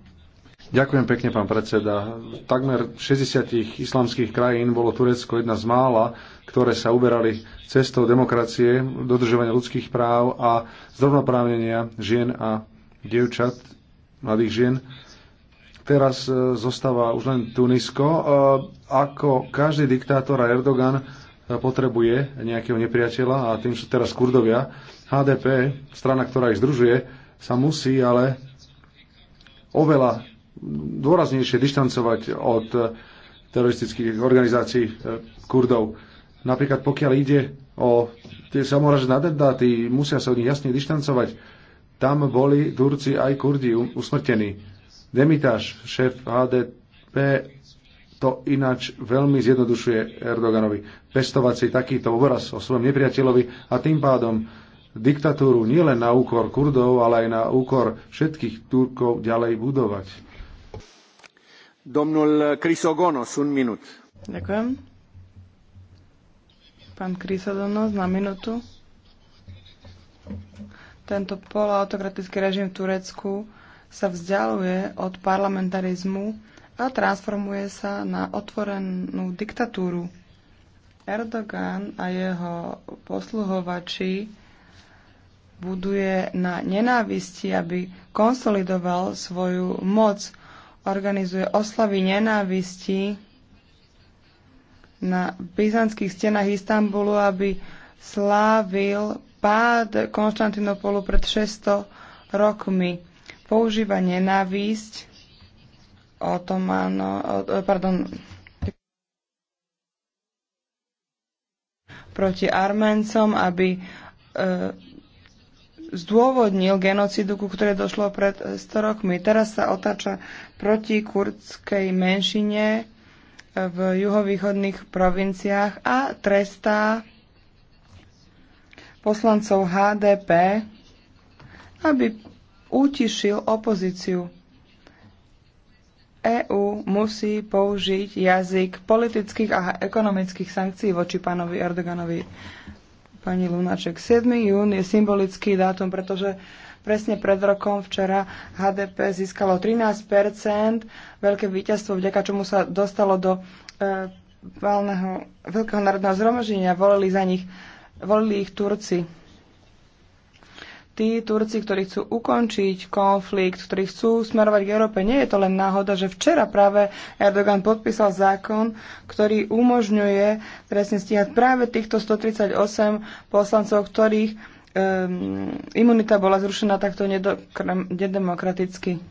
Ďakujem pekne, pán predseda. Takmer 60 islamských krajín bolo Turecko jedna z mála, ktoré sa uberali cestou demokracie, dodržovania ľudských práv a zrovnoprávnenia žien a dievčat, mladých žien. Teraz e, zostáva už len Tunisko. E, ako každý diktátor a Erdogan e, potrebuje nejakého nepriateľa a tým sú teraz Kurdovia. HDP, strana, ktorá ich združuje, sa musí ale oveľa dôraznejšie dištancovať od eh, teroristických organizácií eh, Kurdov. Napríklad pokiaľ ide o tie samovražné atentáty, musia sa od nich jasne dištancovať. Tam boli Turci aj Kurdi usmrtení. Demitáš, šéf HDP, to ináč veľmi zjednodušuje Erdoganovi. Pestovať si takýto obraz o svojom nepriateľovi a tým pádom diktatúru nielen na úkor Kurdov, ale aj na úkor všetkých Turkov ďalej budovať. Pán na Tento poloautokratický režim v Turecku sa vzdialuje od parlamentarizmu a transformuje sa na otvorenú diktatúru. Erdogan a jeho posluhovači buduje na nenávisti, aby konsolidoval svoju moc organizuje oslavy nenávisti na byzantských stenách Istanbulu, aby slávil pád Konštantinopolu pred 600 rokmi. Používa nenávisť otomano, pardon, proti Arméncom, aby e, zdôvodnil genocidu, ku ktorej došlo pred 100 rokmi. Teraz sa otáča proti kurdskej menšine v juhovýchodných provinciách a trestá poslancov HDP, aby utišil opozíciu. EÚ musí použiť jazyk politických a ekonomických sankcií voči pánovi Erdoganovi pani Lunaček. 7. jún je symbolický dátum, pretože presne pred rokom včera HDP získalo 13 veľké víťazstvo, vďaka čomu sa dostalo do e, valného, veľkého národného zhromaženia Volili za nich, volili ich Turci tí Turci, ktorí chcú ukončiť konflikt, ktorí chcú smerovať k Európe, nie je to len náhoda, že včera práve Erdogan podpísal zákon, ktorý umožňuje trestne stíhať práve týchto 138 poslancov, ktorých um, imunita bola zrušená takto nedemokraticky.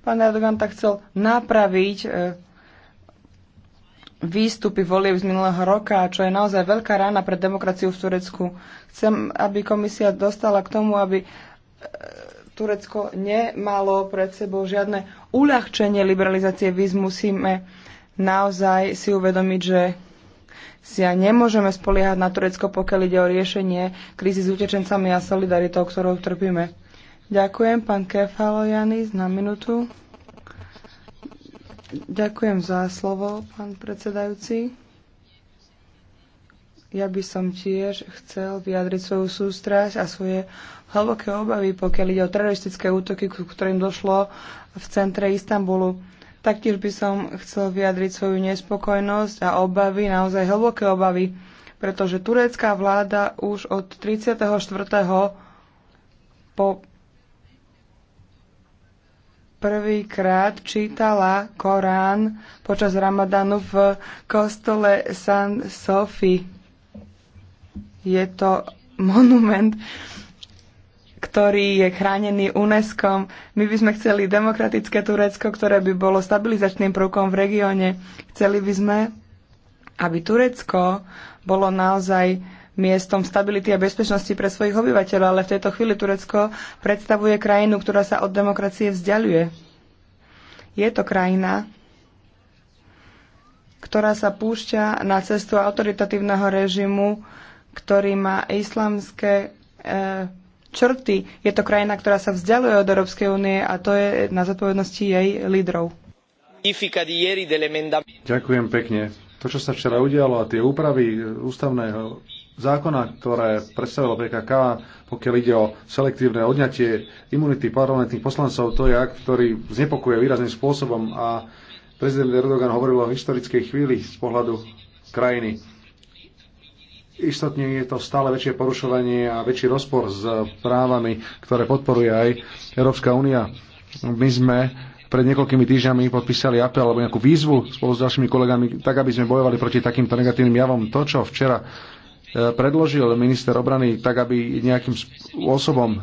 Pán Erdogan tak chcel napraviť e, výstupy volieb z minulého roka, čo je naozaj veľká rána pre demokraciu v Turecku. Chcem, aby komisia dostala k tomu, aby e, Turecko nemalo pred sebou žiadne uľahčenie liberalizácie víz. Musíme naozaj si uvedomiť, že si aj nemôžeme spoliehať na Turecko, pokiaľ ide o riešenie krízy s utečencami a solidaritou, ktorou trpíme. Ďakujem, pán Janis na minútu. Ďakujem za slovo, pán predsedajúci. Ja by som tiež chcel vyjadriť svoju sústrasť a svoje hlboké obavy, pokiaľ ide o teroristické útoky, ktorým došlo v centre Istanbulu. Taktiež by som chcel vyjadriť svoju nespokojnosť a obavy, naozaj hlboké obavy, pretože turecká vláda už od 34. po prvýkrát čítala Korán počas Ramadánu v kostole San Sofi. Je to monument, ktorý je chránený UNESCO. My by sme chceli demokratické Turecko, ktoré by bolo stabilizačným prvkom v regióne. Chceli by sme, aby Turecko bolo naozaj miestom stability a bezpečnosti pre svojich obyvateľov, ale v tejto chvíli Turecko predstavuje krajinu, ktorá sa od demokracie vzdialuje. Je to krajina, ktorá sa púšťa na cestu autoritatívneho režimu, ktorý má islamské e, črty. Je to krajina, ktorá sa vzdialuje od Európskej únie a to je na zodpovednosti jej lídrov. Ďakujem pekne. To, čo sa včera udialo a tie úpravy ústavného zákona, ktoré predstavilo PKK, pokiaľ ide o selektívne odňatie imunity parlamentných poslancov, to je akt, ktorý znepokuje výrazným spôsobom a prezident Erdogan hovoril o historickej chvíli z pohľadu krajiny. Istotne je to stále väčšie porušovanie a väčší rozpor s právami, ktoré podporuje aj Európska únia. My sme pred niekoľkými týždňami podpísali apel alebo nejakú výzvu spolu s ďalšími kolegami, tak aby sme bojovali proti takýmto negatívnym javom. To, čo včera predložil minister obrany tak, aby nejakým spôsobom e,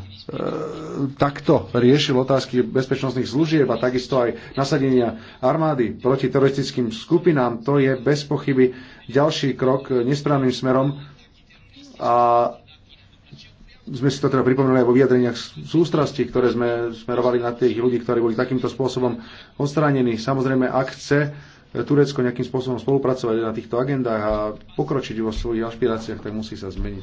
takto riešil otázky bezpečnostných služieb a takisto aj nasadenia armády proti teroristickým skupinám, to je bez pochyby ďalší krok nesprávnym smerom a sme si to teda pripomenuli aj vo vyjadreniach sústrasti, ktoré sme smerovali na tých ľudí, ktorí boli takýmto spôsobom odstránení. Samozrejme, ak chce Turecko nejakým spôsobom spolupracovať na týchto agendách a pokročiť vo svojich ašpiráciách, tak musí sa zmeniť.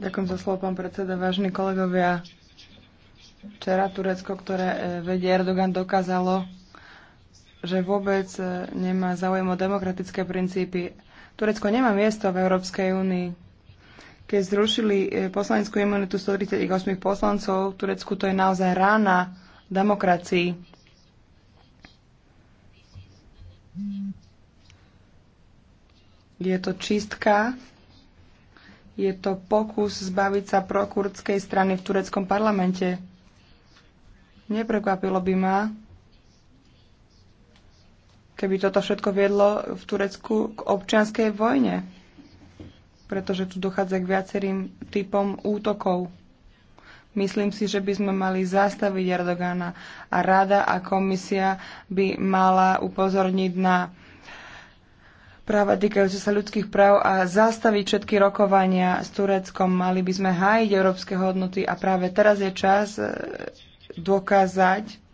Ďakujem za slovo, pán predseda, vážení kolegovia. Včera Turecko, ktoré e, vedie Erdogan, dokázalo, že vôbec e, nemá záujem o demokratické princípy. Turecko nemá miesto v Európskej únii keď zrušili e, poslaneckú imunitu 138 poslancov, v Turecku to je naozaj rána demokracii. Je to čistka, je to pokus zbaviť sa prokurdskej strany v tureckom parlamente. Neprekvapilo by ma, keby toto všetko viedlo v Turecku k občianskej vojne, pretože tu dochádza k viacerým typom útokov. Myslím si, že by sme mali zastaviť Erdogana a rada a komisia by mala upozorniť na práva týkajúce sa ľudských práv a zastaviť všetky rokovania s Tureckom. Mali by sme hájiť európske hodnoty a práve teraz je čas e, dokázať,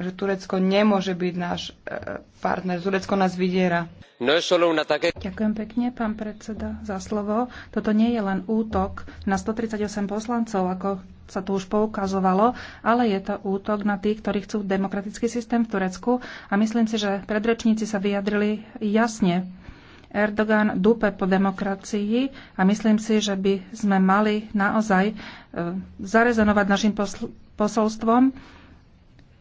že Turecko nemôže byť náš e, partner. Turecko nás vydiera. No take... Ďakujem pekne, pán predseda, za slovo. Toto nie je len útok na 138 poslancov, ako sa tu už poukazovalo, ale je to útok na tých, ktorí chcú demokratický systém v Turecku a myslím si, že predrečníci sa vyjadrili jasne. Erdogan dupe po demokracii a myslím si, že by sme mali naozaj e, zarezonovať našim posolstvom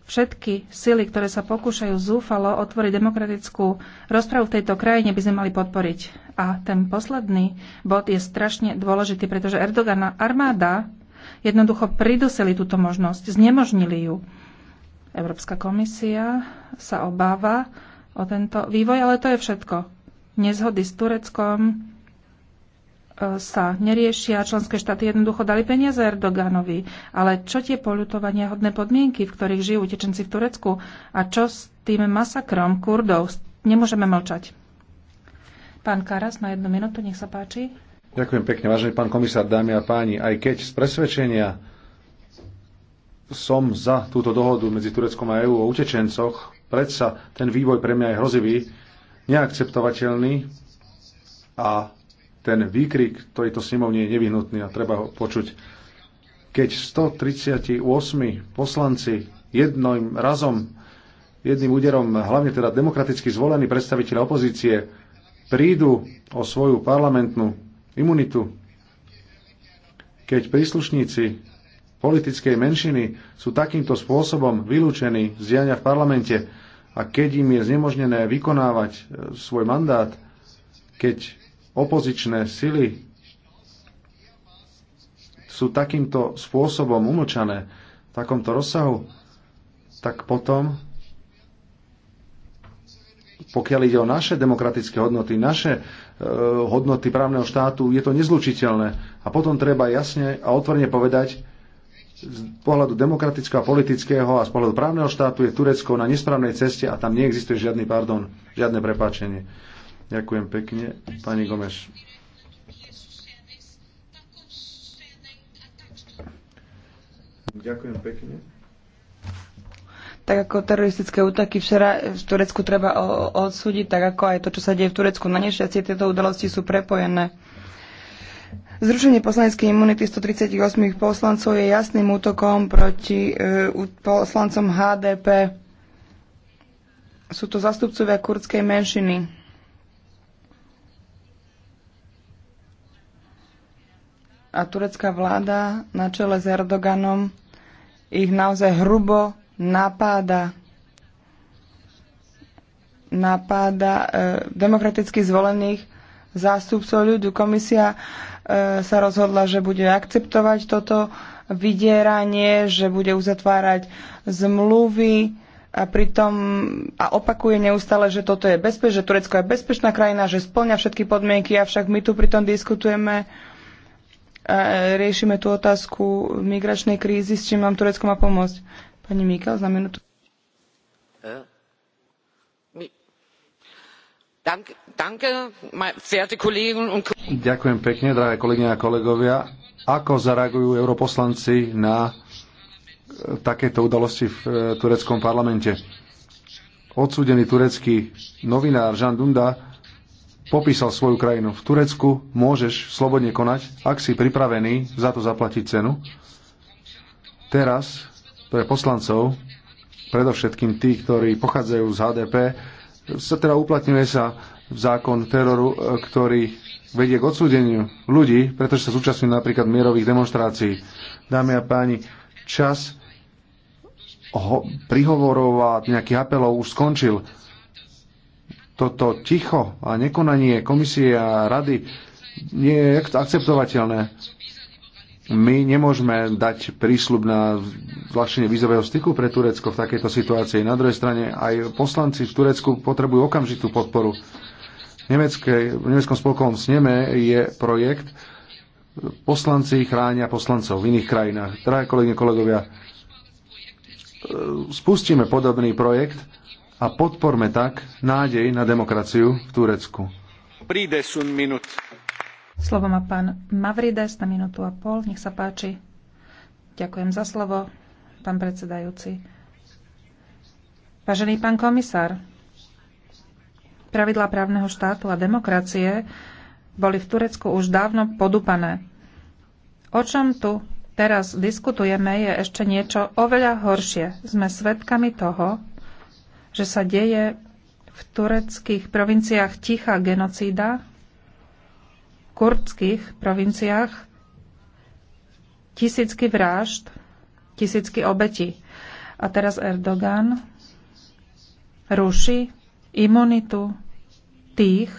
všetky sily, ktoré sa pokúšajú zúfalo otvoriť demokratickú rozpravu v tejto krajine, by sme mali podporiť. A ten posledný bod je strašne dôležitý, pretože Erdogana armáda jednoducho pridusili túto možnosť, znemožnili ju. Európska komisia sa obáva o tento vývoj, ale to je všetko. Nezhody s Tureckom, sa neriešia. Členské štáty jednoducho dali peniaze Erdoganovi. Ale čo tie polutovania hodné podmienky, v ktorých žijú utečenci v Turecku? A čo s tým masakrom Kurdov? Nemôžeme mlčať. Pán Karas, na jednu minútu, nech sa páči. Ďakujem pekne, vážený pán komisár, dámy a páni. Aj keď z presvedčenia som za túto dohodu medzi Tureckom a EÚ o utečencoch, predsa ten vývoj pre mňa je hrozivý, neakceptovateľný a ten výkrik tejto snemovne je nevyhnutný a treba ho počuť. Keď 138 poslanci jedným razom, jedným úderom, hlavne teda demokraticky zvolení predstaviteľe opozície, prídu o svoju parlamentnú imunitu, keď príslušníci politickej menšiny sú takýmto spôsobom vylúčení z diania v parlamente a keď im je znemožnené vykonávať e, svoj mandát, keď opozičné sily sú takýmto spôsobom umlčané v takomto rozsahu, tak potom, pokiaľ ide o naše demokratické hodnoty, naše e, hodnoty právneho štátu, je to nezlučiteľné. A potom treba jasne a otvorene povedať, z pohľadu demokratického a politického a z pohľadu právneho štátu je Turecko na nesprávnej ceste a tam neexistuje žiadny pardon, žiadne prepáčenie. Ďakujem pekne. Pani Gomeš. Ďakujem pekne. Tak ako teroristické útoky včera v Turecku treba odsúdiť, tak ako aj to, čo sa deje v Turecku na nešťastie, tieto udalosti sú prepojené. Zrušenie poslaneckej imunity 138 poslancov je jasným útokom proti e, poslancom HDP. Sú to zastupcovia kurdskej menšiny. a turecká vláda na čele s Erdoganom ich naozaj hrubo napáda napáda e, demokraticky zvolených zástupcov ľudu. Komisia e, sa rozhodla, že bude akceptovať toto vydieranie, že bude uzatvárať zmluvy a pritom a opakuje neustále, že toto je bezpečné, že Turecko je bezpečná krajina, že splňa všetky podmienky, avšak my tu pritom diskutujeme e, riešime tú otázku migračnej krízy, s čím vám Turecko má pomôcť. Pani Mikael, za minútu. Eh, Ďakujem pekne, drahé kolegyne a kolegovia. Ako zareagujú europoslanci na eh, takéto udalosti v eh, tureckom parlamente? Odsúdený turecký novinár Jean Dunda popísal svoju krajinu. V Turecku môžeš slobodne konať, ak si pripravený za to zaplatiť cenu. Teraz pre poslancov, predovšetkým tí, ktorí pochádzajú z HDP, sa teda uplatňuje sa zákon teroru, e, ktorý vedie k odsúdeniu ľudí, pretože sa zúčastňujú napríklad mierových demonstrácií. Dámy a páni, čas ho, prihovorov a nejakých apelov už skončil toto ticho a nekonanie komisie a rady nie je akceptovateľné. My nemôžeme dať prísľub na zvláštne vízového styku pre Turecko v takejto situácii. Na druhej strane aj poslanci v Turecku potrebujú okamžitú podporu. Nemecké, v Nemeckom spolkovom sneme je projekt Poslanci chránia poslancov v iných krajinách. Drahé kolegy, kolegovia, spustíme podobný projekt a podporme tak nádej na demokraciu v Turecku. Príde un minút. Slovo má pán Mavrides na minútu a pol. Nech sa páči. Ďakujem za slovo, pán predsedajúci. Vážený pán komisár, pravidlá právneho štátu a demokracie boli v Turecku už dávno podupané. O čom tu teraz diskutujeme, je ešte niečo oveľa horšie. Sme svedkami toho, že sa deje v tureckých provinciách tichá genocída, v kurdských provinciách tisícky vražd, tisícky obetí. A teraz Erdogan ruší imunitu tých,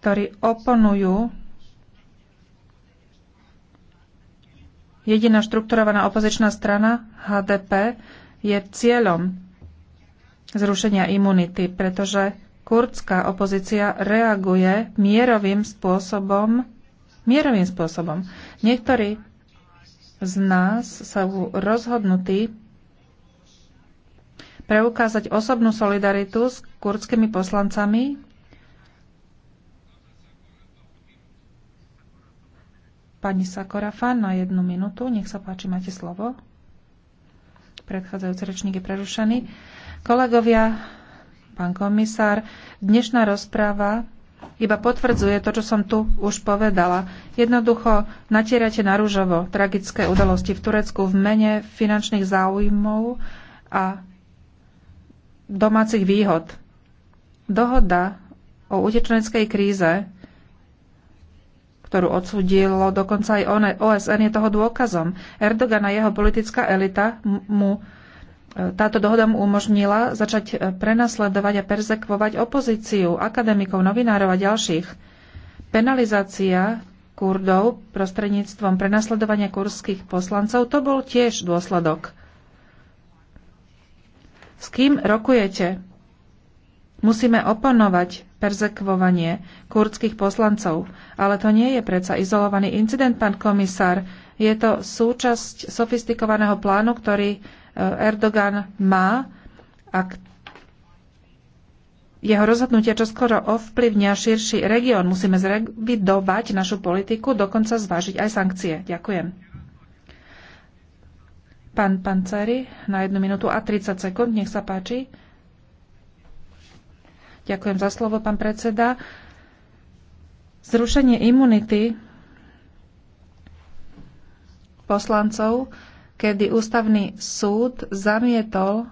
ktorí oponujú Jediná štrukturovaná opozičná strana HDP je cieľom zrušenia imunity, pretože kurdská opozícia reaguje mierovým spôsobom. Mierovým spôsobom. Niektorí z nás sa rozhodnutí preukázať osobnú solidaritu s kurdskými poslancami Pani Sakorafa na jednu minútu. Nech sa páči, máte slovo. Predchádzajúci ročník je prerušený. Kolegovia, pán komisár, dnešná rozpráva iba potvrdzuje to, čo som tu už povedala. Jednoducho natierate na rúžovo tragické udalosti v Turecku v mene finančných záujmov a domácich výhod. Dohoda o utečeneckej kríze ktorú odsudilo dokonca aj OSN, e, je toho dôkazom. Erdogan a jeho politická elita mu e, táto dohoda mu umožnila začať e, prenasledovať a perzekvovať opozíciu, akademikov, novinárov a ďalších. Penalizácia Kurdov prostredníctvom prenasledovania kurských poslancov, to bol tiež dôsledok. S kým rokujete? Musíme oponovať perzekvovanie kurdských poslancov, ale to nie je predsa izolovaný incident, pán komisár. Je to súčasť sofistikovaného plánu, ktorý e, Erdogan má a jeho rozhodnutia čoskoro ovplyvnia širší región. Musíme zrevidovať našu politiku, dokonca zvážiť aj sankcie. Ďakujem. Pán Panceri, na jednu minútu a 30 sekúnd, nech sa páči. Ďakujem za slovo, pán predseda. Zrušenie imunity poslancov, kedy ústavný súd zamietol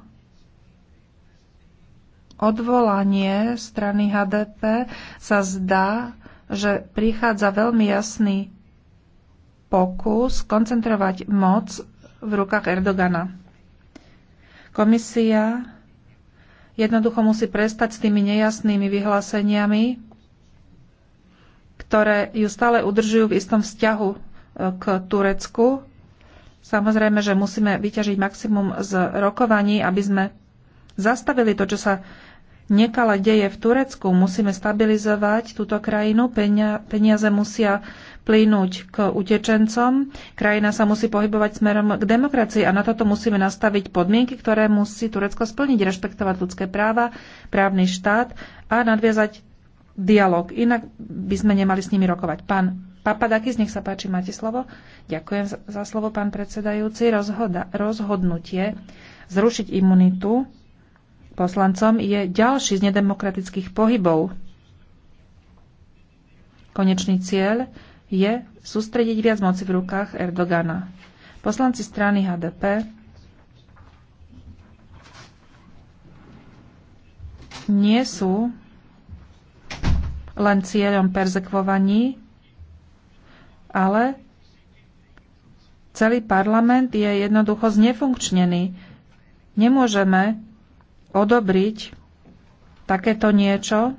odvolanie strany HDP, sa zdá, že prichádza veľmi jasný pokus koncentrovať moc v rukách Erdogana. Komisia jednoducho musí prestať s tými nejasnými vyhláseniami, ktoré ju stále udržujú v istom vzťahu e, k Turecku. Samozrejme, že musíme vyťažiť maximum z rokovaní, aby sme zastavili to, čo sa nekala deje v Turecku. Musíme stabilizovať túto krajinu, peniaze musia plynúť k utečencom. Krajina sa musí pohybovať smerom k demokracii a na toto musíme nastaviť podmienky, ktoré musí Turecko splniť, rešpektovať ľudské práva, právny štát a nadviazať dialog. Inak by sme nemali s nimi rokovať. Pán Papadakis, nech sa páči, máte slovo. Ďakujem za slovo, pán predsedajúci. Rozhoda, rozhodnutie zrušiť imunitu poslancom je ďalší z nedemokratických pohybov. Konečný cieľ je sústrediť viac moci v rukách Erdogana. Poslanci strany HDP nie sú len cieľom perzekvovaní, ale celý parlament je jednoducho znefunkčnený. Nemôžeme odobriť takéto niečo,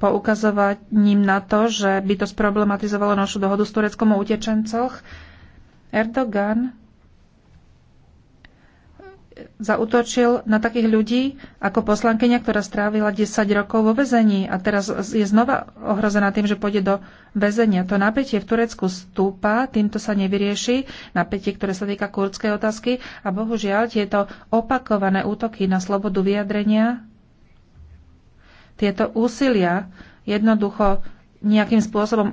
poukazovaním na to, že by to sproblematizovalo našu dohodu s Tureckom o utečencoch. Erdogan zautočil na takých ľudí ako poslankyňa, ktorá strávila 10 rokov vo väzení a teraz je znova ohrozená tým, že pôjde do väzenia. To napätie v Turecku stúpa, týmto sa nevyrieši, napätie, ktoré sa týka kurdskej otázky a bohužiaľ tieto opakované útoky na slobodu vyjadrenia tieto úsilia jednoducho nejakým spôsobom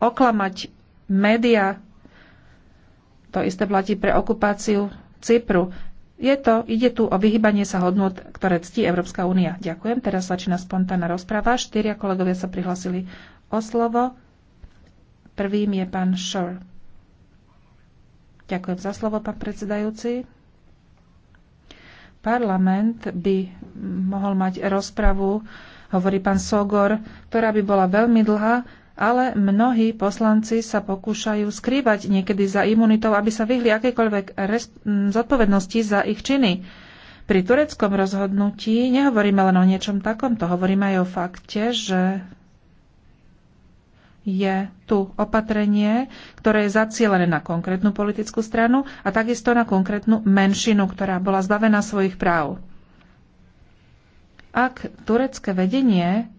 oklamať média. To isté platí pre okupáciu Cypru. Je to, ide tu o vyhybanie sa hodnot, ktoré ctí Európska únia. Ďakujem. Teraz začína spontánna rozpráva. Štyria kolegovia sa prihlasili o slovo. Prvým je pán Šor. Ďakujem za slovo, pán predsedajúci. Parlament by mohol mať rozpravu, hovorí pán Sogor, ktorá by bola veľmi dlhá, ale mnohí poslanci sa pokúšajú skrývať niekedy za imunitou, aby sa vyhli akékoľvek zodpovednosti za ich činy. Pri tureckom rozhodnutí nehovoríme len o niečom takomto, hovoríme aj o fakte, že je tu opatrenie, ktoré je zacielené na konkrétnu politickú stranu a takisto na konkrétnu menšinu, ktorá bola zbavená svojich práv. Ak turecké vedenie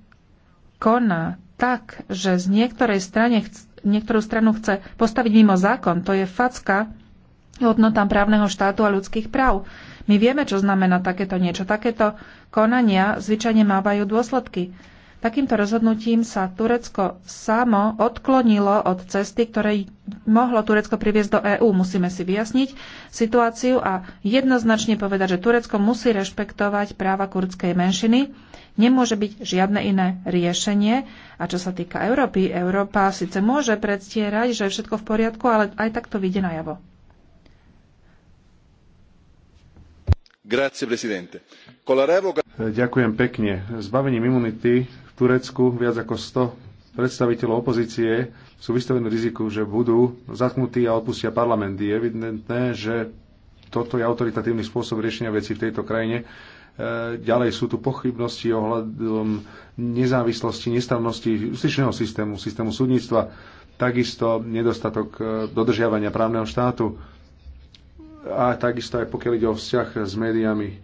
koná tak, že z niektorej strane, niektorú stranu chce postaviť mimo zákon, to je facka hodnotám právneho štátu a ľudských práv. My vieme, čo znamená takéto niečo. Takéto konania zvyčajne mávajú dôsledky. Takýmto rozhodnutím sa Turecko samo odklonilo od cesty, ktorej mohlo Turecko priviesť do EÚ. Musíme si vyjasniť situáciu a jednoznačne povedať, že Turecko musí rešpektovať práva kurdskej menšiny. Nemôže byť žiadne iné riešenie. A čo sa týka Európy, Európa síce môže predstierať, že je všetko v poriadku, ale aj tak to vyjde najavo. Ďakujem pekne. Zbavením imunity Turecku viac ako 100 predstaviteľov opozície sú vystavení riziku, že budú zatknutí a opustia parlament. Je evidentné, že toto je autoritatívny spôsob riešenia veci v tejto krajine. E, ďalej sú tu pochybnosti ohľadom nezávislosti, nestrannosti justičného systému, systému súdnictva, takisto nedostatok e, dodržiavania právneho štátu a takisto aj pokiaľ ide o vzťah s médiami. E,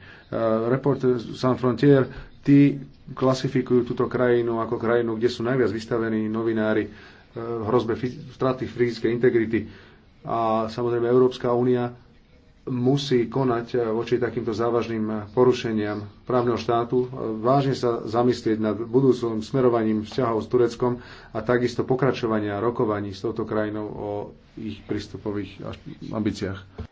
Report San Frontier Tí klasifikujú túto krajinu ako krajinu, kde sú najviac vystavení novinári eh, v hrozbe straty fyzickej integrity. A samozrejme Európska únia musí konať eh, voči takýmto závažným eh, porušeniam právneho štátu, vážne sa zamyslieť nad budúcim smerovaním vzťahov s Tureckom a takisto pokračovania rokovaní s touto krajinou o ich prístupových ambíciách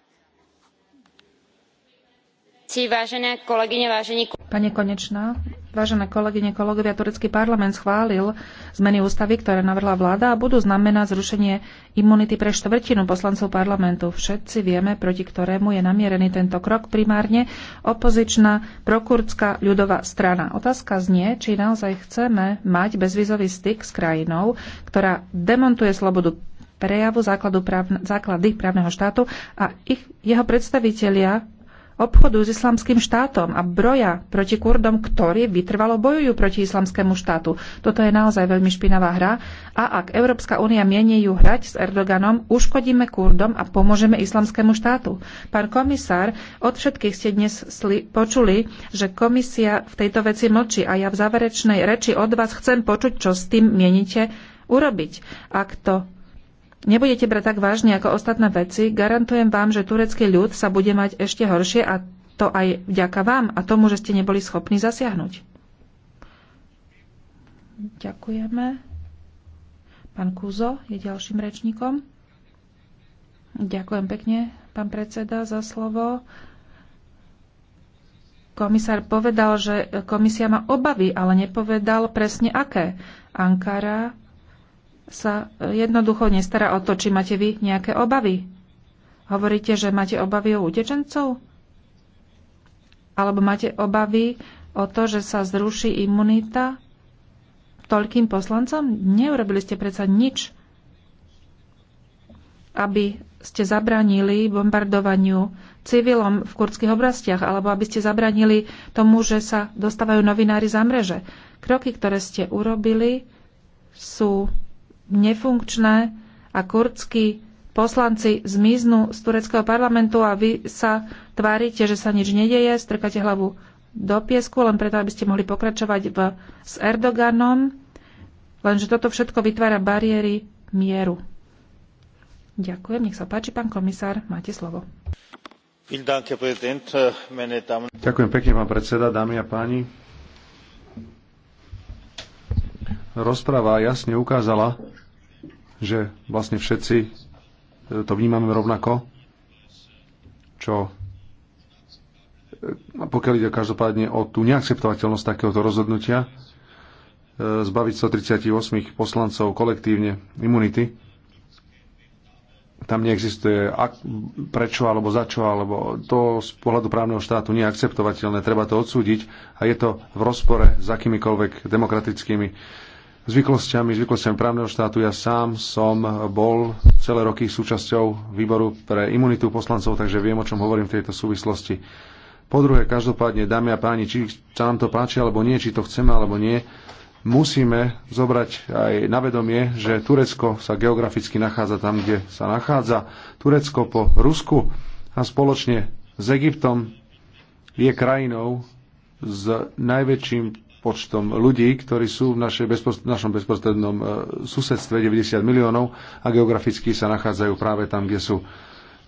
vážené kolegyne, vážení Pani Konečná, vážené kolegyne, kolegovia, turecký parlament schválil zmeny ústavy, ktoré navrhla vláda a budú znamená zrušenie imunity pre štvrtinu poslancov parlamentu. Všetci vieme, proti ktorému je namierený tento krok primárne opozičná prokurdská ľudová strana. Otázka znie, či naozaj chceme mať bezvizový styk s krajinou, ktorá demontuje slobodu prejavu základu právne, základy právneho štátu a ich, jeho predstavitelia Obchodu s islamským štátom a broja proti Kurdom, ktorí vytrvalo bojujú proti islamskému štátu. Toto je naozaj veľmi špinavá hra a ak Európska únia mienie ju hrať s Erdoganom, uškodíme Kurdom a pomôžeme islamskému štátu. Pán komisár, od všetkých ste dnes počuli, že komisia v tejto veci mlčí a ja v záverečnej reči od vás chcem počuť, čo s tým mienite urobiť. Ak to nebudete brať tak vážne ako ostatné veci, garantujem vám, že turecký ľud sa bude mať ešte horšie a to aj vďaka vám a tomu, že ste neboli schopní zasiahnuť. Ďakujeme. Pán Kuzo je ďalším rečníkom. Ďakujem pekne, pán predseda, za slovo. Komisár povedal, že komisia má obavy, ale nepovedal presne aké. Ankara sa jednoducho nestará o to, či máte vy nejaké obavy. Hovoríte, že máte obavy o utečencov? Alebo máte obavy o to, že sa zruší imunita toľkým poslancom? Neurobili ste predsa nič, aby ste zabranili bombardovaniu civilom v kurdských oblastiach, alebo aby ste zabranili tomu, že sa dostávajú novinári za mreže. Kroky, ktoré ste urobili, sú nefunkčné a kurdskí poslanci zmiznú z tureckého parlamentu a vy sa tvárite, že sa nič nedeje, strkáte hlavu do piesku, len preto, aby ste mohli pokračovať v, s Erdoganom, lenže toto všetko vytvára bariéry mieru. Ďakujem, nech sa páči, pán komisár, máte slovo. Ďakujem pekne, pán predseda, dámy a páni. Rozpráva jasne ukázala, že vlastne všetci e, to vnímame rovnako, čo e, pokiaľ ide každopádne o tú neakceptovateľnosť takéhoto rozhodnutia, e, zbaviť 138 poslancov kolektívne imunity, tam neexistuje ak, prečo alebo za čo, alebo to z pohľadu právneho štátu nie je akceptovateľné, treba to odsúdiť a je to v rozpore s akýmikoľvek demokratickými zvyklostiami, zvyklostiami právneho štátu. Ja sám som bol celé roky súčasťou výboru pre imunitu poslancov, takže viem, o čom hovorím v tejto súvislosti. Po druhé, každopádne, dámy a páni, či sa nám to páči alebo nie, či to chceme alebo nie, musíme zobrať aj na vedomie, že Turecko sa geograficky nachádza tam, kde sa nachádza. Turecko po Rusku a spoločne s Egyptom je krajinou s najväčším počtom ľudí, ktorí sú v našej bezpost- našom bezprostrednom e, susedstve 90 miliónov a geograficky sa nachádzajú práve tam, kde sú.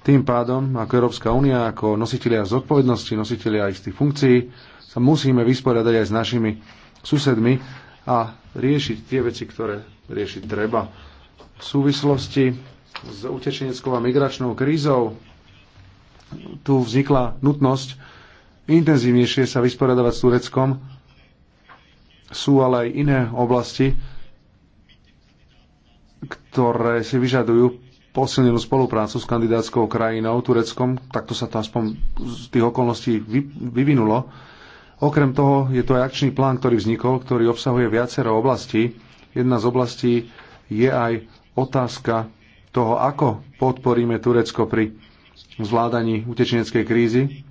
Tým pádom, ako Európska únia, ako nositelia zodpovednosti, nositelia istých funkcií, sa musíme vysporiadať aj s našimi susedmi a riešiť tie veci, ktoré riešiť treba. V súvislosti s utečeneckou a migračnou krízou tu vznikla nutnosť intenzívnejšie sa vysporiadavať s Tureckom sú ale aj iné oblasti, ktoré si vyžadujú posilnenú spoluprácu s kandidátskou krajinou, Tureckom. Takto sa to aspoň z tých okolností vyvinulo. Okrem toho je to aj akčný plán, ktorý vznikol, ktorý obsahuje viacero oblastí. Jedna z oblastí je aj otázka toho, ako podporíme Turecko pri zvládaní utečeneckej krízy.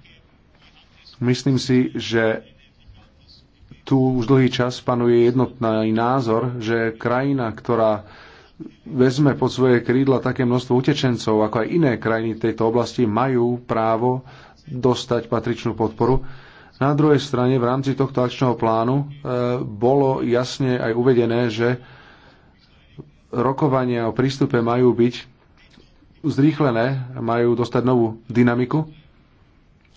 Myslím si, že tu už dlhý čas panuje jednotný názor, že krajina, ktorá vezme pod svoje krídla také množstvo utečencov, ako aj iné krajiny tejto oblasti, majú právo dostať patričnú podporu. Na druhej strane, v rámci tohto akčného plánu e, bolo jasne aj uvedené, že rokovania o prístupe majú byť zrýchlené, majú dostať novú dynamiku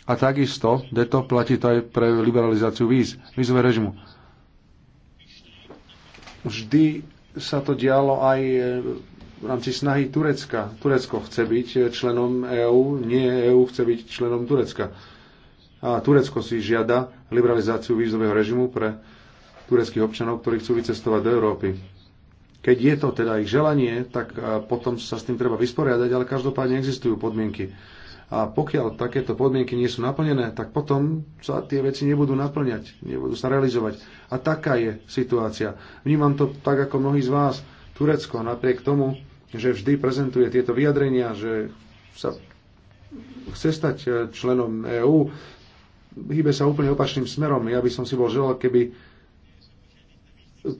a takisto, to platí to aj pre liberalizáciu víz, vízové režimu. Vždy sa to dialo aj e, v rámci snahy Turecka. Turecko chce byť e, členom EÚ, nie EÚ chce byť členom Turecka. A Turecko si žiada liberalizáciu vízového režimu pre tureckých občanov, ktorí chcú vycestovať do Európy. Keď je to teda ich želanie, tak e, potom sa s tým treba vysporiadať, ale každopádne existujú podmienky a pokiaľ takéto podmienky nie sú naplnené, tak potom sa tie veci nebudú naplňať, nebudú sa realizovať. A taká je situácia. Vnímam to tak ako mnohí z vás. Turecko napriek tomu, že vždy prezentuje tieto vyjadrenia, že sa chce stať eh, členom EÚ, hýbe sa úplne opačným smerom. Ja by som si bol želal, keby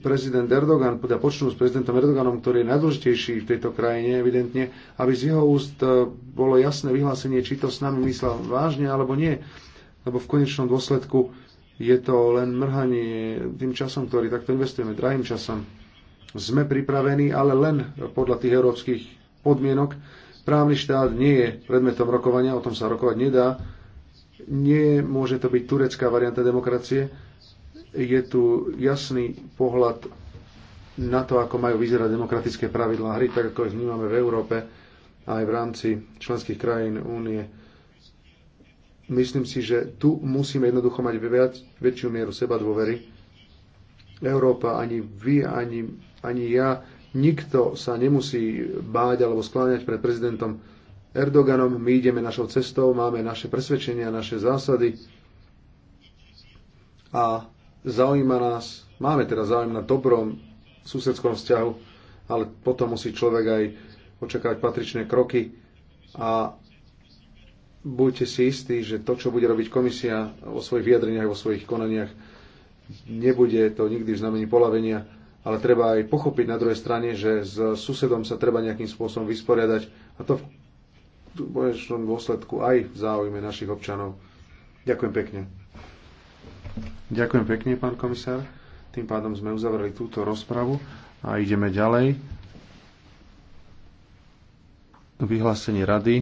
prezident Erdogan, teda počnú s prezidentom Erdoganom, ktorý je najdôležitejší v tejto krajine, evidentne, aby z jeho úst e, bolo jasné vyhlásenie, či to s nami myslel vážne alebo nie. Lebo v konečnom dôsledku je to len mrhanie tým časom, ktorý takto investujeme, drahým časom. Sme pripravení, ale len podľa tých európskych podmienok. Právny štát nie je predmetom rokovania, o tom sa rokovať nedá. Nie môže to byť turecká varianta demokracie je tu jasný pohľad na to, ako majú vyzerať demokratické pravidlá hry, tak ako ich vnímame v Európe a aj v rámci členských krajín únie. Myslím si, že tu musíme jednoducho mať viac, väčšiu mieru seba dôvery. Európa, ani vy, ani, ani ja, nikto sa nemusí báť alebo skláňať pred prezidentom Erdoganom. My ideme našou cestou, máme naše presvedčenia, naše zásady a Zaujíma nás, máme teda záujem na dobrom susedskom vzťahu, ale potom musí človek aj očakávať patričné kroky a buďte si istí, že to, čo bude robiť komisia vo svojich vyjadreniach, vo svojich konaniach, nebude to nikdy v znamení polavenia, ale treba aj pochopiť na druhej strane, že s susedom sa treba nejakým spôsobom vysporiadať a to v konečnom dôsledku aj v záujme našich občanov. Ďakujem pekne. Ďakujem pekne, pán komisár. Tým pádom sme uzavreli túto rozpravu a ideme ďalej. Vyhlásenie rady.